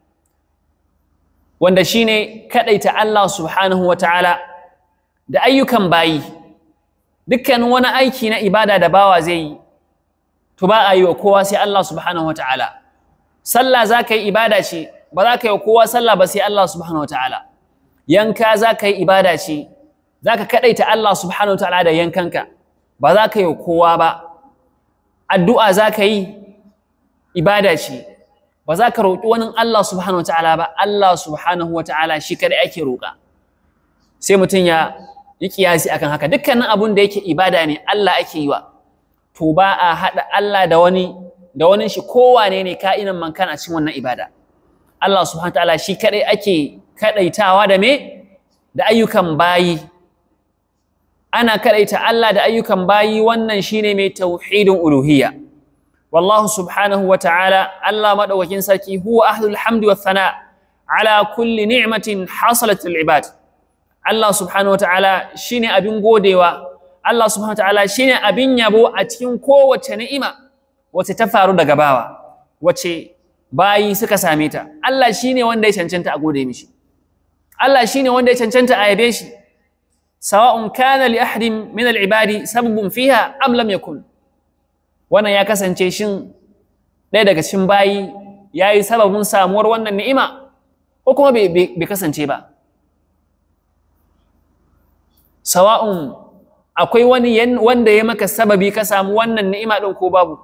wanda shi shine kadaita Allah subhanahu wa ta'ala da ayyukan bayi dukkan wani aiki na ibada da bawa zai yi to ba a yi wa kowa sai Allah subhanahu wa ta'ala sallah za ka yi ibada ce ba za ka yi wa kowa sallah ba sai Allah subhanahu wa ta'ala yanka za ka yi ibada ce za ka kaɗaita Allah subhanahu wa ta'ala da yankanka ba za ka yi wa kowa ba addu'a za ka yi ibada ce ba za ka roƙi wani Allah subhanahu wa ta'ala ba Allah subhanahu wa ta'ala shi kadai ake roƙa sai mutum ya yi kiyasi akan haka dukkanin abun da yake ibada ne Allah ake yi wa to ba a haɗa Allah da wani da wani shi kowane ne ka'inan mankan a cikin wannan ibada Allah subhanahu wa ta'ala shi kadai ake kadaitawa da me da ayyukan bayi ana kadaita Allah da ayyukan bayi wannan shine mai tauhidin uluhiyya wallahu subhanahu wa ta'ala Allah madaukakin sarki huwa ahlul hamdi wa thana ala kulli ni'matin hasalat lil ibad Allah subhanahu wa ta'ala shine abin godewa Allah subhanahu wa ta'ala shine abin yabo a cikin kowace ni'ima wace ta faru daga bawa wace bayi suka same ta Allah shine wanda ya cancanta a gode mishi Allah shine wanda ya cancanta a yabe shi sawa'un kana li ahadin min al ibadi sababun fiha am lam yakun wannan ya kasance shin ɗaya daga cikin bayi ya yi sababin samuwar wannan ni'ima ko kuma bai kasance ba sawa'un akwai wani wanda ya maka sababi ka samu wannan ni'ima ɗin ko babu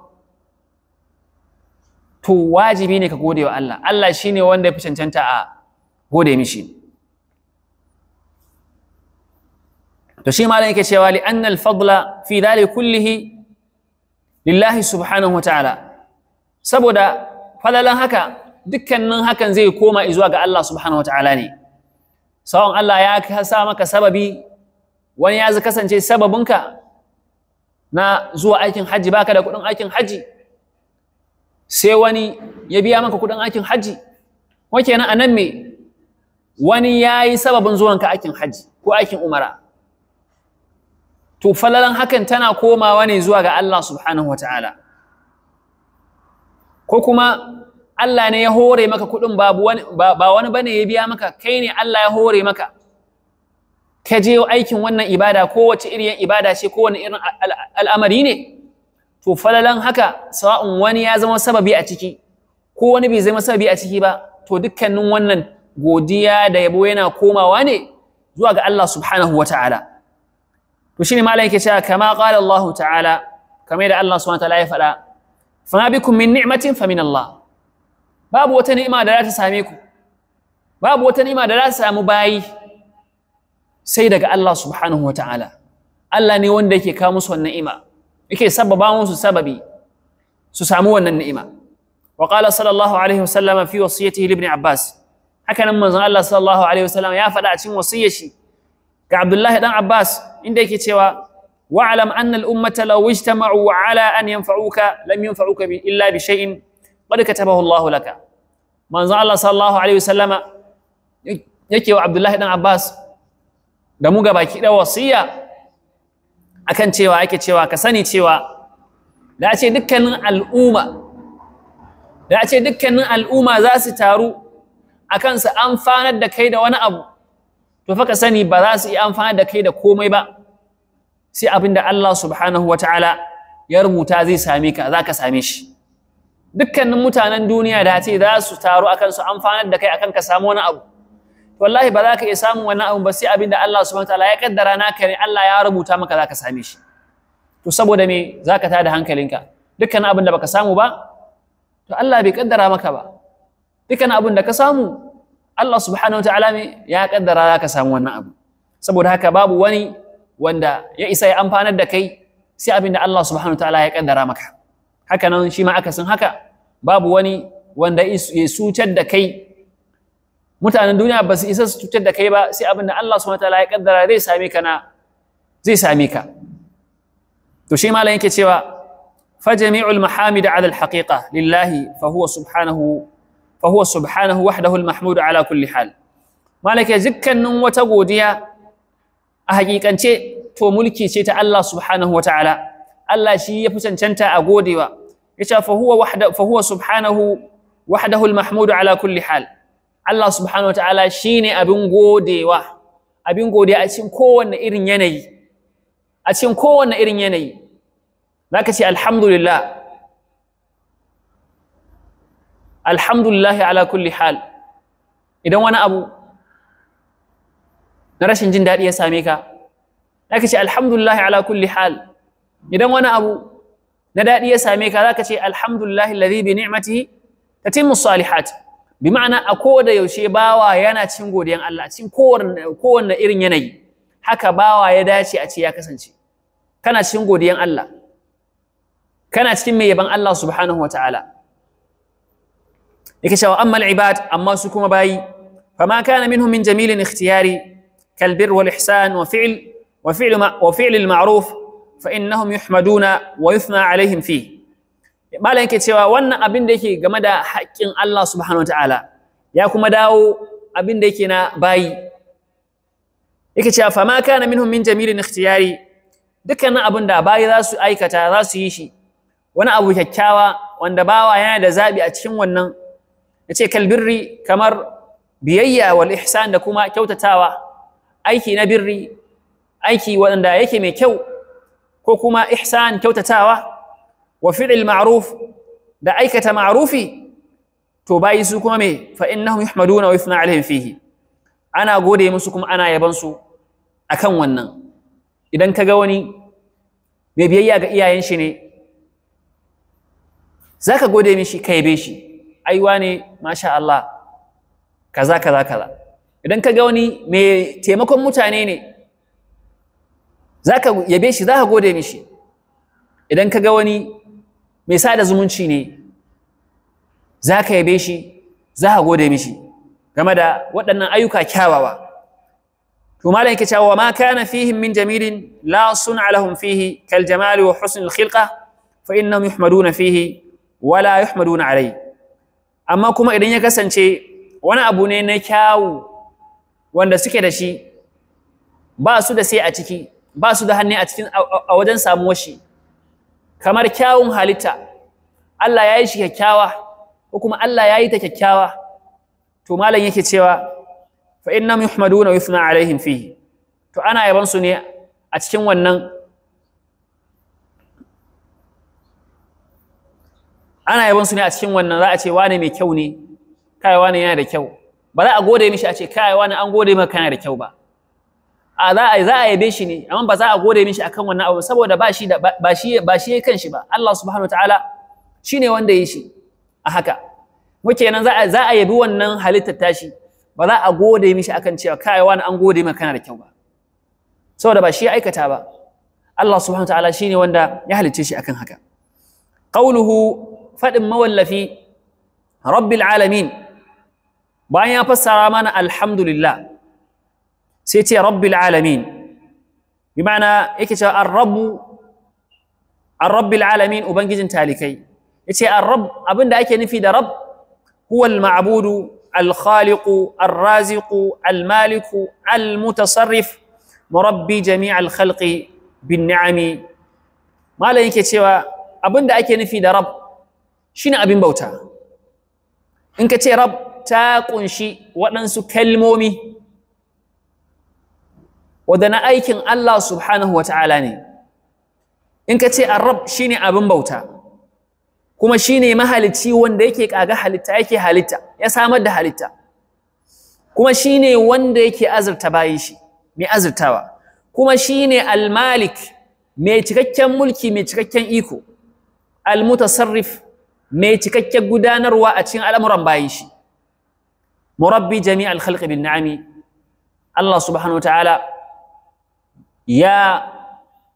to wajibi ne ka gode wa Allah Allah shine wanda ya fi cancanta a gode mishi to shi malam yake cewa li annal fadla fi kullihi lillahi subhanahu wa ta'ala saboda falalan haka dukkanin hakan zai koma zuwa ga Allah subhanahu wa ta'ala ne sawon Allah ya sa maka sababi wani ya zai kasance sababinka na zuwa aikin haji baka da kudin aikin haji sai wani ya biya maka kudin aikin haji wake nan anan me wani ya yi sababin zuwanka aikin haji ko aikin umara to falalan hakan tana komawa ne zuwa ga Allah subhanahu wataala ko kuma Allah ne ya hore maka kuɗin babu wani ba wani bane ya biya maka kai ne Allah ya hore maka ka je aikin wannan ibada kowace irin ibada ce kowane irin al'amari ne to falalan haka sawa'un wani ya zama sababi a ciki ko wani bai zama sababi a ciki ba to dukkanin wannan godiya da yabo yana komawa ne zuwa ga Allah subhanahu wataala to shine malam yake cewa kama qala Allah ta'ala kamar da Allah subhanahu wa ta'ala ya faɗa fama bikum min ni'matin fa min Allah babu wata ni'ima da za ta same ku babu wata ni'ima da za ta samu bayi sai daga Allah subhanahu wa ta'ala Allah ne wanda yake kawo musu wannan ni'ima yake sababa musu sababi su samu wannan ni'ima wa qala sallallahu alaihi wasallam fi wasiyatihi li ibn Abbas haka nan manzon Allah sallallahu alaihi wasallam ya faɗa a cikin wasiyyar shi ga Abdullahi dan Abbas inda yake cewa wa'lam anna al-ummata law ijtama'u 'ala an yanfa'uka lam yanfa'uka bi illa bi shay'in qad katabahu Allah laka manzo Allah sallallahu alaihi wasallama yake wa Abdullahi dan Abbas da mu baki da wasiya akan cewa yake cewa ka sani cewa da a ce dukkanin al'umma da a ce dukkanin al'umma za su taru akan su amfanar da kai da wani abu to fa ka sani ba za su yi amfani da kai da komai ba sai abin da Allah subhanahu wa ta'ala ya rubuta zai same ka za ka same shi dukkanin mutanen duniya da ce za su taru akan su amfanar da kai akan ka samu wani abu wallahi ba za ka iya samun wani abu ba sai abin da Allah subhanahu wa ta'ala ya kaddara naka ne Allah ya rubuta maka za ka same shi to saboda me za ka tada hankalinka dukkan abin da baka samu ba to Allah bai kaddara maka ba dukkan abin da ka samu Allah subhanahu wataala ne ya kaddara zaka samu wannan abu saboda haka babu wani wanda ya isa ya amfanar da kai sai abin da Allah subhanahu wataala ya kaddara maka haka nan shi ma akasin haka babu wani wanda ya cutar da kai mutanen duniya ba su isa su cutar da kai ba sai abin da Allah subhanahu wataala ya kaddara zai same ka na zai same ka to shi malam yake cewa فجميع المحامد على الحقيقة لله فهو subhanahu fa huwa subhanahu wahdahu al-mahmud ala kulli hal malaka zikkanin wata godiya a hakikance to mulki ce ta Allah subhanahu wa ta'ala Allah shi ya fi cancanta a godewa yace fa huwa wahda fa huwa ala kulli hal Allah subhanahu wa ta'ala shine abin godewa abin godiya a cikin irin yanayi zaka ce alhamdulillahi ala kulli hal idan wani abu na rashin jin daɗi ya same ka za ka ce alhamdulillahi ala kulli hal idan wani abu na daɗi ya same ka za ka ce alhamdulillahi alladhi bi ni'matihi tatimmu salihat bi ma'ana a koda yaushe bawa yana cin godiyan Allah cin kowanne kowanne irin yanayi haka bawa ya dace a ce ya kasance kana cikin godiyan Allah kana cikin mai yaban Allah subhanahu wa ta'ala? yake cewa ammal ibad amma su kuma bayi fama kana minhum min jamilin ikhtiyari kal birr wal ihsan wa fi'l wa fi'l wa fi'l al ma'ruf fa innahum yuhmaduna wa yuthna alaihim fi malam yake cewa wannan abin da yake game da haƙƙin Allah subhanahu wataala ya kuma dawo abin da yake na bayi yake cewa fama kana minhum min jamilin ikhtiyari dukkanin abin da bayi za su aikata za su yi shi wani abu kyakkyawa wanda bawa yana da zabi a cikin wannan yace kal birri kamar biyayya wal ihsan da kuma kyautatawa aiki na birri aiki wanda yake mai kyau ko kuma ihsan kyautatawa wa fi'l ma'ruf da aikata ma'rufi to bai su kuma me fa innahum yuhmaduna wa yufna alaihim fihi ana gode musu kuma ana yaban su akan wannan idan kaga wani mai biyayya ga iyayen shi ne zaka gode mishi ka yabe shi aiwa ne masha Allah kaza kaza kaza idan ka ga wani mai taimakon mutane ne zaka yabe shi ka gode mishi idan ka ga wani mai sada zumunci ne ka yabe shi ka gode mishi game da waɗannan ayyuka kyawawa to malam yake cewa ma kana fihim min jamilin la sun'a lahum fihi kal jamali wa husnul khilqa fa innahum yuhmaduna fihi wa la yuhmaduna alayhi amma kuma idan ya kasance wani abu ne na kyawu wanda suke da shi ba su da sai a ciki ba su da hannu a cikin a wajen samuwar shi kamar kyawun halitta Allah ya yi shi kyakkyawa ko kuma Allah ya yi ta kyakkyawa to malam yake cewa fa innam yuhmaduna wa yuthna alaihim fihi to ana yabansu ne a cikin wannan ana yabon su ne a cikin wannan za a ce wane mai kyau ne kai wane yana da kyau ba za a gode mishi a ce kai wane an gode maka kana da kyau ba a za a za a yabe shi ne amma ba za a gode mishi akan wannan abu saboda ba shi da ba shi ba shi kan shi ba Allah subhanahu wataala shine wanda yi shi a haka muke nan za a za a yabi wannan halittar tashi ba za a gode mishi akan cewa kai wane an gode maka kana da kyau ba saboda ba shi ya aikata ba Allah subhanahu wataala shine wanda ya halicce shi akan haka qauluhu faɗin mawallafi rabbil alamin bayan ya fassara mana alhamdulillah sai ce rabbil alamin bi ma'ana yake cewa ar-rabbu ar-rabbil alamin ubangijin talikai yace ar-rabb abinda ake nufi da rabb huwa al-ma'budu al-khaliq ar-raziq al-malik al-mutasarrif murabbi jami' al-khalqi bin ni'ami malam yake cewa abinda ake nufi da rabb shine abin bauta in ka ce rab ta kunshi waɗansu kalmomi wadda na aikin Allah subhanahu wa ta'ala ne in ka ce arab shine abin bauta kuma shine mahalicci wanda yake kaga halitta yake halitta ya samar da halitta kuma shine wanda yake azurta bayan shi mai azurtawa kuma shine almalik mai cikakken mulki mai cikakken iko almutasarrif mai cikakken gudanarwa a cikin al'amuran bayan shi murabbi jami'al khalqi bin ni'ami Allah subhanahu wa ta'ala ya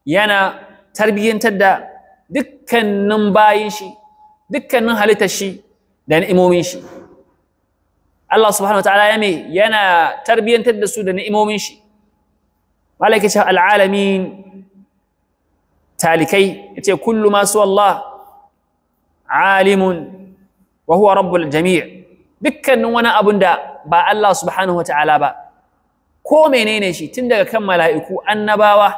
yana tarbiyyantar da dukkanin bayan shi dukkanin halittar shi da ni'imomin shi Allah subhanahu wa ta'ala ya mai yana tarbiyyantar da su da ni'imomin shi malaka ce al'alamin talikai yace kullu ma su Allah alimun wa huwa rabbul jami' dukkanin wani abun da ba Allah subhanahu wata'ala ba ko menene shi tun daga kan mala'iku annabawa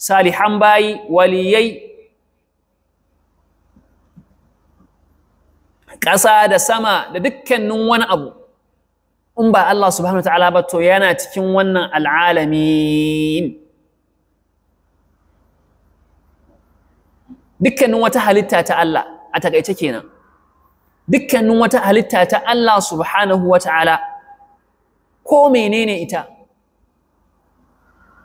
salihan bayi waliyai ƙasa da sama da dukkanin wani abu in ba Allah subhanahu wa ba to yana cikin wannan al'alamin dukkanin wata halitta ta Allah a takaice kenan dukkanin wata halitta ta Allah subhanahu wa ta'ala ko menene ita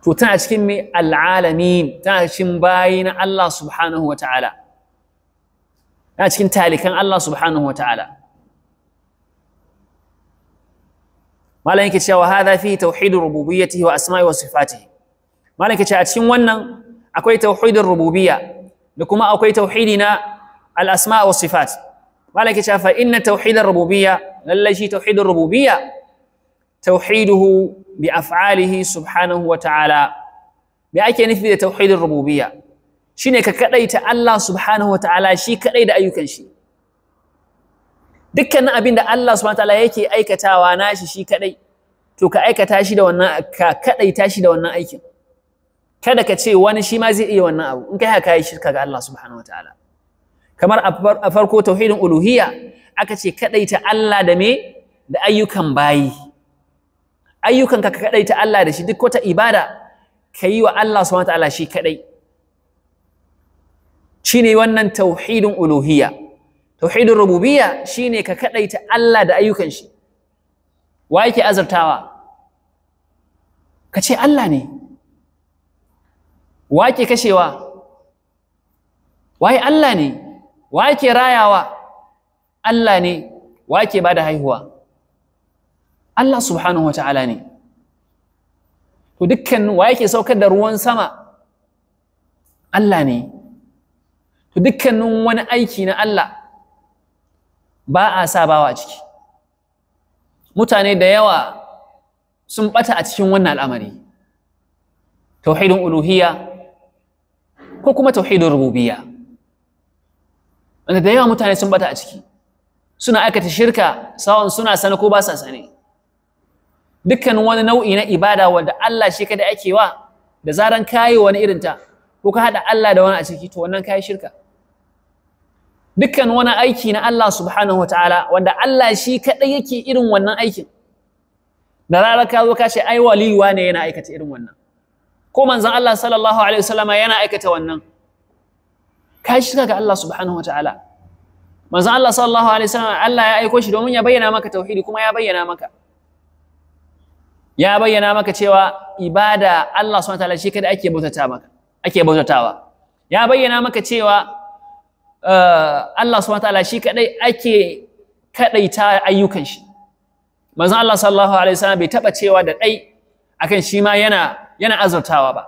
to tana cikin mai al'alamin tana cikin bayi na Allah subhanahu wa ta'ala tana cikin talikan Allah subhanahu wa ta'ala malam yake cewa hadha fi tauhidur rububiyyatihi wa asma'i wasu fati. malam yake cewa a cikin wannan akwai tauhidin rububiyya da kuma akwai tauhidi na al-asma wa sifat malaki ta fa inna tauhidar rububiyya lallai shi tauhidar rububiyya tauhiduhu bi af'alihi subhanahu wa ta'ala me ake nufi da tauhidar rububiyya shine ka kadaita Allah subhanahu wa ta'ala shi kadai da ayyukan shi abin da Allah subhanahu ta'ala yake aikatawa nashi shi kadai to ka aikata shi da wannan ka shi da wannan aikin kada ka ce wani shi ma zai iya wannan abu in kai haka yi shirka ga Allah subhanahu wa ta'ala kamar a farko tauhidin uluhiyya aka ce kadaita Allah da me da ayyukan bayi ayyukan ka kadaita Allah da shi duk wata ibada kayi wa Allah subhanahu ta'ala shi kadai shine wannan tauhidin uluhiyya tauhidin rububiyya shine ka kadaita Allah da ayyukan shi wa yake azurtawa ka ce Allah ne wa yake kashewa waye Allah ne wa ke rayawa Allah ne wa ke bada haihuwa Allah subhanahu ta'ala ne to dukkan wa ke saukar da ruwan sama Allah ne to dukkanin wani aiki na Allah ba a sa bawa a ciki mutane da yawa sun bata a cikin wannan al'amari tauhidin uluhiyya ko kuma tauhidin rububiyya wanda da yawa mutane sun bata a ciki suna aikata shirka sawon suna sane ko ba sa sane dukkan wani nau'i na ibada wanda Allah shi kada ake wa da zaran kayi wani irin ta ko ka hada Allah da wani a ciki to wannan kayi shirka dukkan wani aiki na Allah subhanahu wataala wanda Allah shi kadai yake irin wannan aikin da rara ka zo ka ce ai waliyuwa ne yana aikata irin wannan ko manzon Allah sallallahu alaihi wasallama yana aikata wannan kai shirka ga Allah subhanahu wataala manzon Allah sallallahu alaihi wasallam Allah ya aiko shi domin ya bayyana maka tauhidi kuma ya bayyana maka ya bayyana maka cewa ibada Allah subhanahu wataala shi kada ake bautata maka ake bautatawa ya bayyana maka cewa eh, Allah subhanahu wataala shi kadai ake kadaita ayyukan shi manzon Allah sallallahu alaihi wasallam bai taba cewa da dai akan shi ma yana yana azurtawa ba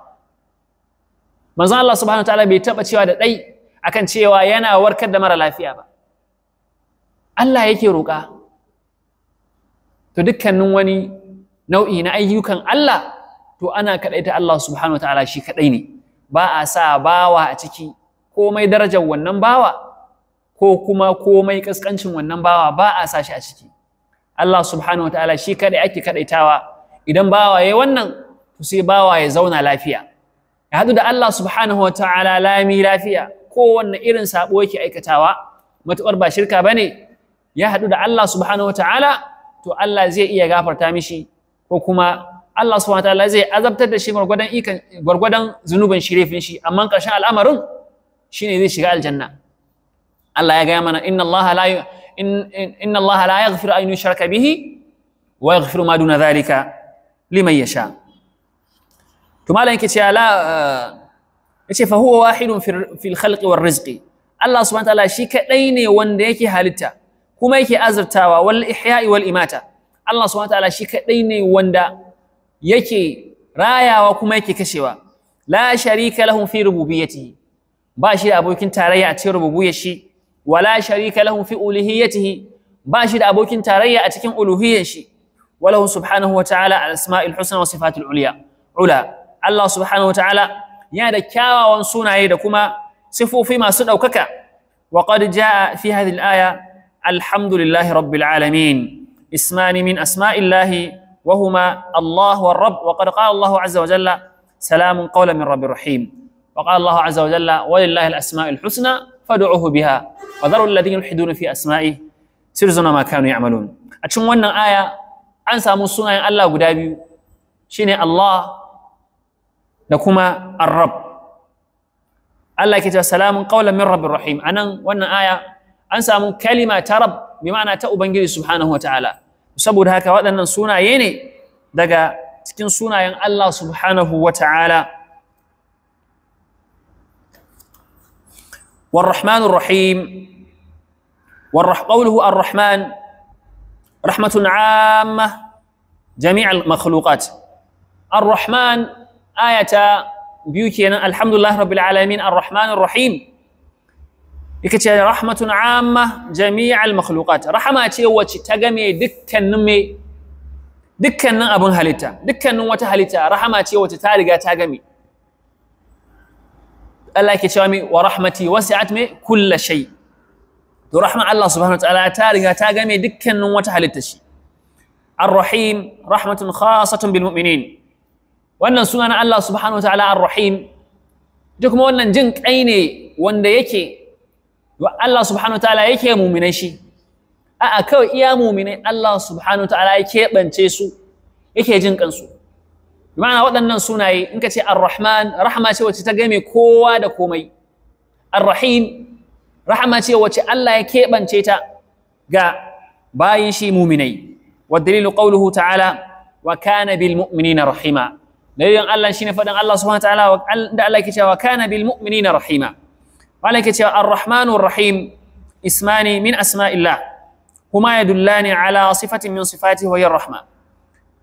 manzon Allah subhanahu wataala bai taba cewa da dai akan cewa yana warkar da mara lafiya ba Allah yake roƙa to dukkanin wani nau'i na ayyukan Allah to ana kaɗaita Allah subhanahu wa shi kaɗai ne ba a sa bawa a ciki komai darajar wannan bawa ko kuma komai ƙasƙancin wannan bawa ba a sa shi a ciki Allah subhanahu wa shi kaɗai ake kaɗaitawa idan bawa yayi wannan to sai bawa ya zauna lafiya ya haɗu da Allah subhanahu wa ta'ala lami lafiya kowanne irin sabo yake aikatawa matukar ba shirka ba ne, ya haɗu da Allah subhanahu Ta'ala, to Allah zai iya gafarta mishi ko kuma Allah subhanahu wataala zai azabtar da shi gwargwadon zunubin shirifin shi amma ƙarshen al'amarin ne zai shiga aljanna Allah ya gaya mana inna Allah la inna yaghfiru an yushraka bihi wa yaghfiru ma duna dhalika liman yasha to malam yake cewa la eh, yace fa huwa wahidun fil khalqi war rizqi Allah subhanahu shi kadai ne wanda yake halitta kuma yake azurtawa wal ihya'i wal imata Allah subhanahu wataala shi kadai ne wanda yake rayawa kuma yake kashewa la sharika lahum fi rububiyyatihi ba shi da abokin tarayya a cikin rububiyyar shi wala sharika lahum fi uluhiyyatihi ba shi da abokin tarayya a cikin uluhiyyar shi walahu subhanahu wataala al asma'ul husna wa sifatul uliya ula Allah subhanahu يعني كاوا وانسونا يدكما سفو فيما سد أو وقد جاء في هذه الآية الحمد لله رب العالمين اسمان من أسماء الله وهما الله والرب وقد قال الله عز وجل سلام قولا من رب رحيم وقال الله عز وجل ولله الأسماء الحسنى فادعوه بها وذروا الذين يلحدون في أسمائه سرزنا ما كانوا يعملون أتشم آية أنسى مصنع الله قدابي شيني الله da kuma arab Allah ke cewa salamun qawlan min rabbir rahim anan wannan aya an samu kalima ta rab bi ma'ana ta ubangiji subhanahu wataala saboda haka waɗannan sunaye ne daga cikin sunayen Allah subhanahu wataala والرحمن الرحيم والرح قوله الرحمن رحمة عامة جميع المخلوقات الرحمن aya ta biyu kenan alhamdulillah rabbil alamin arrahmanir rahim yake ce rahmatun amma jami'al makhluqat rahama ce wacce ta game dukkanin me dukkanin abun halitta dukkanin wata halitta rahama ce wacce ta riga ta game Allah yake cewa me wa rahmati wasi'at me kulli shay to rahman Allah subhanahu wa ta'ala ta riga ta game dukkanin wata halitta shi rahmatun رحمة خاصة بالمؤمنين wannan suna na Allah subhanahu wa ta'ala ar-rahim duk kuma wannan jin kai ne wanda yake wa Allah subhanahu wa ta'ala yake muminai shi a'a kawai iya muminai Allah subhanahu wa ta'ala yake bance su yake jin kansu ma'ana waɗannan sunaye in ka ce ar-rahman rahama ce wacce ta game kowa da komai ar-rahim rahama ce wacce Allah ya keɓance ta ga bayin shi muminai wa dalilu qawluhu ta'ala wa kana bil mu'minina rahima dalilin Allah shine faɗin Allah subhanahu ta'ala da Allah yake cewa kana bil mu'minina rahima Allah yake cewa ar-rahmanur rahim ismani min asma'illah huma yadullani ala sifatin min sifati wa hiya rahma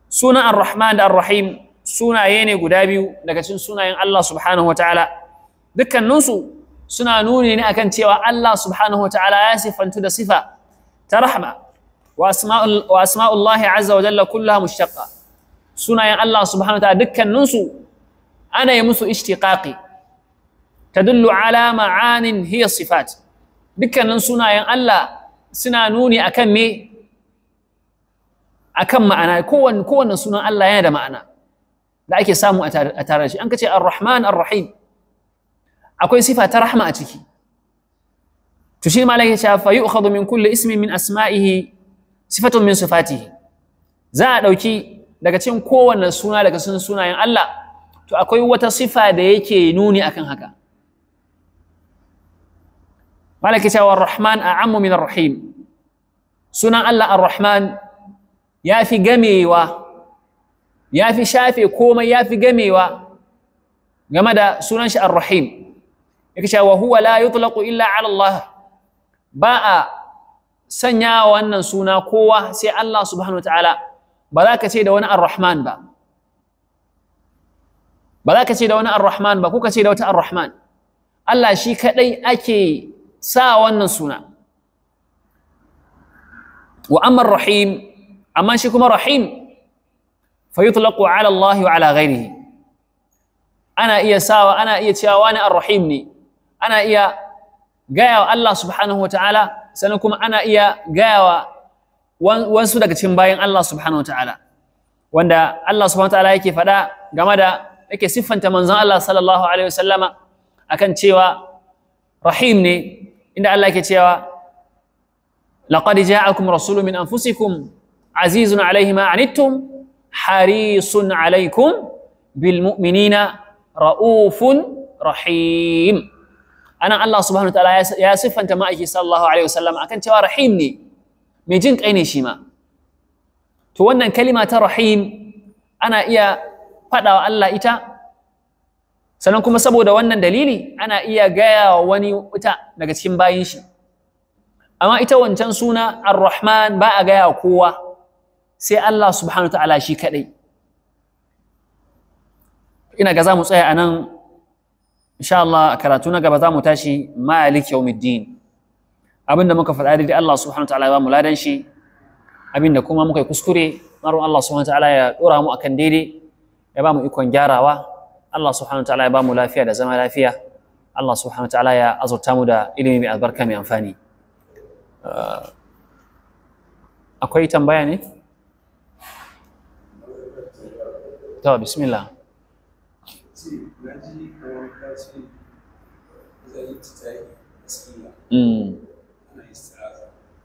sunan ar-rahman da ar-rahim sunaye ne guda biyu daga cikin sunayen Allah subhanahu ta'ala dukkaninsu suna nuni ne akan cewa Allah subhanahu wataala ya sifantu da sifa ta rahma wa asma'ullahi azza wa jalla kullaha mushaqqa sunayen Allah subhanahu wa ta'ala dukkaninsu ana yi musu ishtiqaqi tadullu ala ma'anin hiya sifat dukkanin sunayen Allah suna nuni akan me akan ma'ana kowanne kowanne sunan Allah yana da ma'ana da ake samu a tare shi an kace ar-rahman ar-rahim akwai sifa ta rahma a ciki to shi malaka ya fa yu'khadhu min kulli ismin min asma'ihi sifatun min sifatihi za a dauki daga cin kowanne suna daga cikin sunayen Allah to akwai wata sifa da yake nuni akan haka malaki cewa rahman a'ammu min rahim sunan Allah ar-rahman ya fi gamewa ya fi shafe komai ya fi gamewa game da sunan shi ar-rahim yake cewa huwa la yutlaqu illa ala Allah ba a sanya wannan suna kowa sai Allah subhanahu ta'ala. ba za ka ce da wani ar-rahman ba ba za ka ce da wani ar-rahman ba kuka ce da wata ar-rahman Allah shi kadai ake sa wannan suna wa amma rahim amma shi kuma rahim fa yutlaqu ala Allah wa ala ghairihi ana iya sawa ana iya cewa wani ar-rahim ne ana iya gaya wa Allah subhanahu wa ta'ala sannan kuma ana iya gaya wa wasu daga cikin bayan Allah subhanahu wataala wanda Allah subhanahu wataala yake faɗa game da yake siffanta manzon Allah sallallahu alaihi wasallama akan cewa rahim ne inda Allah yake cewa laqad ja'akum rasulun min anfusikum azizun alaihi ma anittum harisun alaikum bil mu'minina raufun rahim anan Allah subhanahu wataala ya siffanta ma'aiki sallallahu alaihi wasallam akan cewa rahim ne mai jin kai ne shi ma to wannan kalima ta rahim ana iya faɗawa Allah ita sannan kuma saboda wannan dalili ana iya gaya wa wani ita daga cikin bayin shi amma ita wancan suna ar-rahman ba a gaya kowa sai Allah subhanahu ta'ala shi kadai ina ga za mu tsaya a nan insha Allah karatu na gaba za mu tashi malik yawmiddin abinda muka faɗa daidai Allah subhanahu wataala ya ba mu ladan shi abinda kuma muka yi kuskure maron Allah subhanahu wataala ya dora mu akan daidai ya ba mu ikon gyarawa Allah subhanahu wataala ya ba mu lafiya da zama lafiya Allah subhanahu wataala ya azurta mu da ilimi mai albarka mai amfani ah, akwai tambaya ne to bismillah Mm.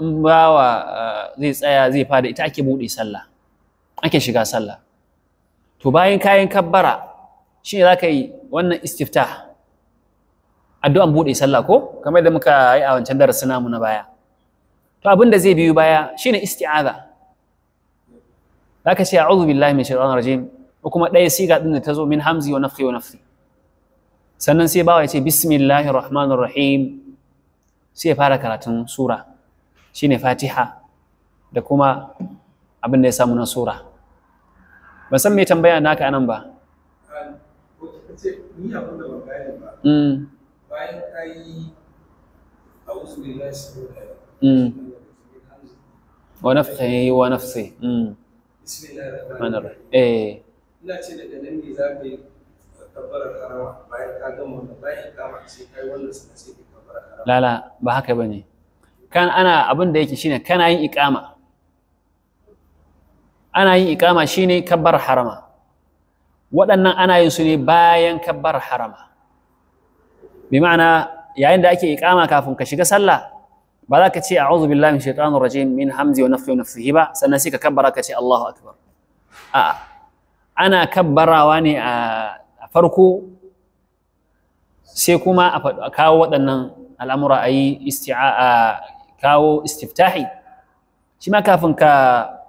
in bawa eh, zai tsaya zai fada ita ake buɗe sallah ake shiga sallah to bayan kayan kabbara shi za ka yi wannan istiftah addu'an buɗe sallah ko kamar da muka yi a wancan darasin namu na baya to abin da zai biyo baya shine isti'aza za ka ce a'udhu billahi min shaitanir rajim ko kuma ɗaya siga ɗin da ta zo min hamzi wa nafsi wa nafsi sannan sai bawa ya ce bismillahir rahmanir rahim sai ya fara karatun sura shine fatiha da kuma abin da ya samu na sura ban san me tambaya naka anan ba mm. Mm. Mm. Eh. ka yi a nan lala ba haka bane kan ana abin da yake shine kana yin iqama ana yin iqama shine kabbar harama waɗannan ana yin su ne bayan kabbar harama bi ma'ana yayin da ake iqama kafin ka shiga sallah ba za ka ce a'udhu billahi min shaitanir rajim min hamzi wa nafthi wa nafthihi ba sannan sai ka kabbara ka ce Allahu akbar a ana kabbarawa ne a farko sai kuma a kawo waɗannan al'amura a yi isti'a kawo istiftahi shi ma kafin ka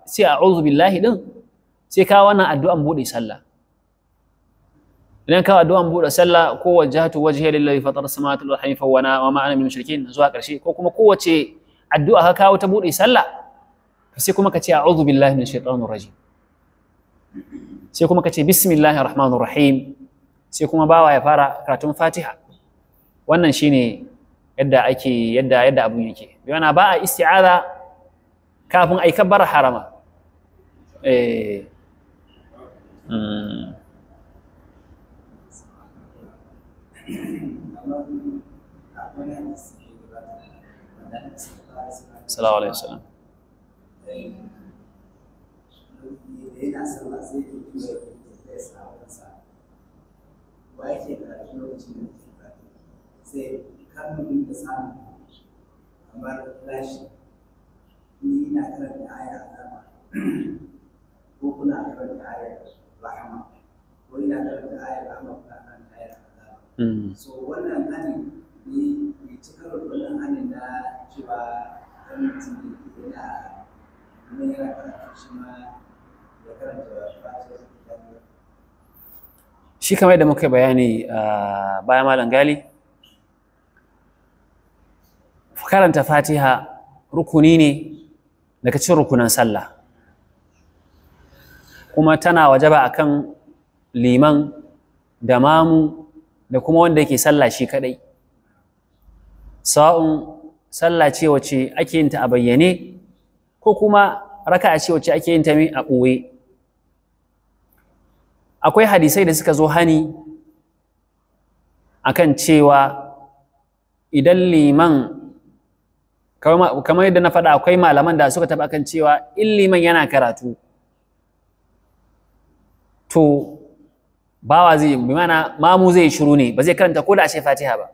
sai a'udhu billahi din sai kawo wannan addu'an buɗe sallah idan kawo addu'an buɗe sallah ko wajhatu wajhiya lillahi fatara samawati wal ardi wa ana wa ma ana min mushrikin zuwa karshe ko kuma kowace addu'a ka kawo ta buɗe sallah sai kuma ka ce a'udhu billahi minash shaitanir rajim sai kuma ka ce bismillahir rahmanir rahim sai kuma bawa ya fara karatun fatiha wannan shine yadda ake yadda yadda abun yake bi mana ba a isti'aza kafin ai kabbar harama eh Salamu alaihi wasallam. Sai za mu dinga samun kamar flash ni ina karanta aya azaba ko kuna karanta aya rahama ko ina karanta aya rahama ko kuna karanta aya azaba hmm. so wannan hali ne bai ci karo da wannan hanin na cewa kan mutum ne yana kuma yana karanta shi ma ya karanta fatiha shi kamar yadda muka bayani a ah, bayan malam gali karanta fatiha rukuni ne daga cin rukunan sallah kuma tana wajaba kan liman da mamu da kuma wanda yake sallah shi kadai sa'un sallah ce wace ake yin ta a bayyane ko kuma raka ce wace ake yin ta a ɓoye akwai hadisai da suka zo hani akan cewa idan liman kamar yadda na faɗa akwai malaman da suka taɓa kan cewa illiman yana karatu to bawa zai yi mana mamu zai shiru ne ba zai karanta ko da ashe fatiha ba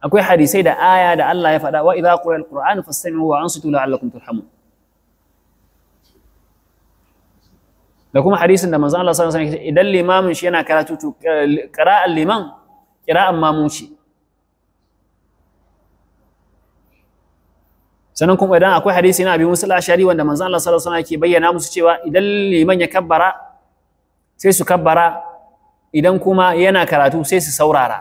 akwai hadisai da aya da Allah ya faɗa wa idza quriya alquran fastami'u wa ansitu la'allakum turhamun da kuma hadisin da manzon Allah sallallahu alaihi wasallam idan limamin shi yana karatu to eh, qira'an liman qira'an shi. sannan kuma idan akwai hadisi na abi musul ashari wanda manzo Allah sallallahu alaihi wasallam yake bayyana musu cewa idan liman ya kabbara sai su kabbara idan kuma yana karatu sai su saurara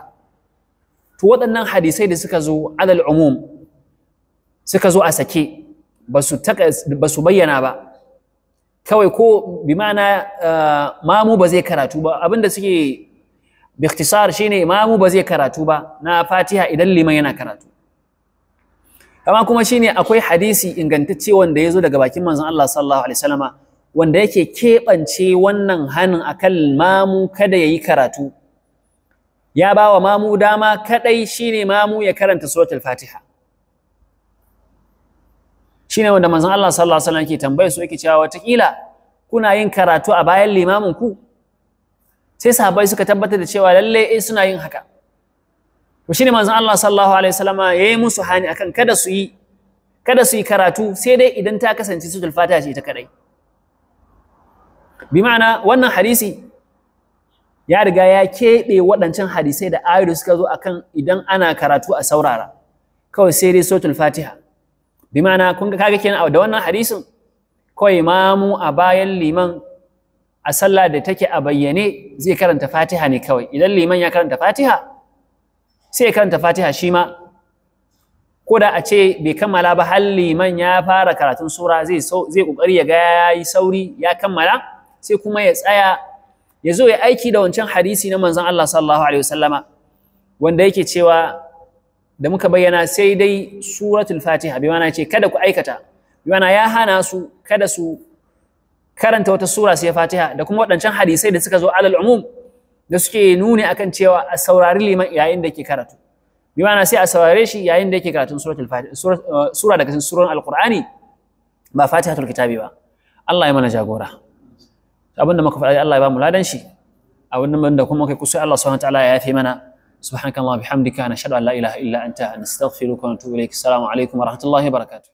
to waɗannan hadisai da suka zo alal umum suka zo a sake ba su ba su bayyana ba kawai ko bi ma'ana eh, mamu ba zai karatu ba abinda suke bi ikhtisar shine mamu ba zai karatu ba na fatiha idan liman yana karatu kama kuma shine akwai hadisi ingantacce wanda ya zo daga bakin manzon Allah sallallahu alaihi wasallama wanda yake keɓance wannan hannun akan mamu kada ya yi karatu ya ba wa mamu dama kadai shine mamu ya karanta suratul fatiha shine wanda manzon Allah sallallahu alaihi wasallam ke tambaye su yake cewa watakila kuna yin karatu a bayan limamin ku sai sahabbai suka tabbatar da cewa lalle eh suna yin haka to shine manzon Allah sallallahu alaihi wasallama yayi musu hani akan kada su yi kada su yi karatu sai dai idan ta kasance su fatiha ce ta kadai bi ma'ana wannan hadisi ya riga ya keɓe waɗancan hadisai da ayoyi suka zo akan idan ana karatu a saurara kawai sai dai suratul fatiha bi ma'ana kun ga kaga kenan da wannan hadisin kawai imamu a bayan liman a sallah da take a bayyane zai karanta fatiha ne kawai idan liman ya karanta fatiha sai karanta fatiha shi ma ko da a ce bai kammala ba har liman ya fara karatun sura zai zai kokari ya ga yayi sauri ya kammala sai kuma ya tsaya ya zo ya aiki da wancan hadisi na manzon Allah sallallahu alaihi wasallama wanda yake cewa da muka bayyana sai dai suratul fatiha bi mana ce kada ku aikata bi mana ya hana su kada su karanta wata sura sai fatiha da kuma waɗancan hadisai da suka zo alal umum da suke nuni akan cewa a saurari liman yayin da yake karatu bi ma'ana sai a saurare shi yayin da yake karatu suratul fatiha uh, sura daga cikin suran alqur'ani ba fatihatul kitabi ba Allah ya mana jagora abinda muka faɗa Allah ya ba mu ladan shi abinda da kuma kai kusa Allah subhanahu wataala ya yafe mana سبحانك اللهم وبحمدك نشهد ان لا اله الا انت نستغفرك ونتوب اليك السلام عليكم ورحمه الله وبركاته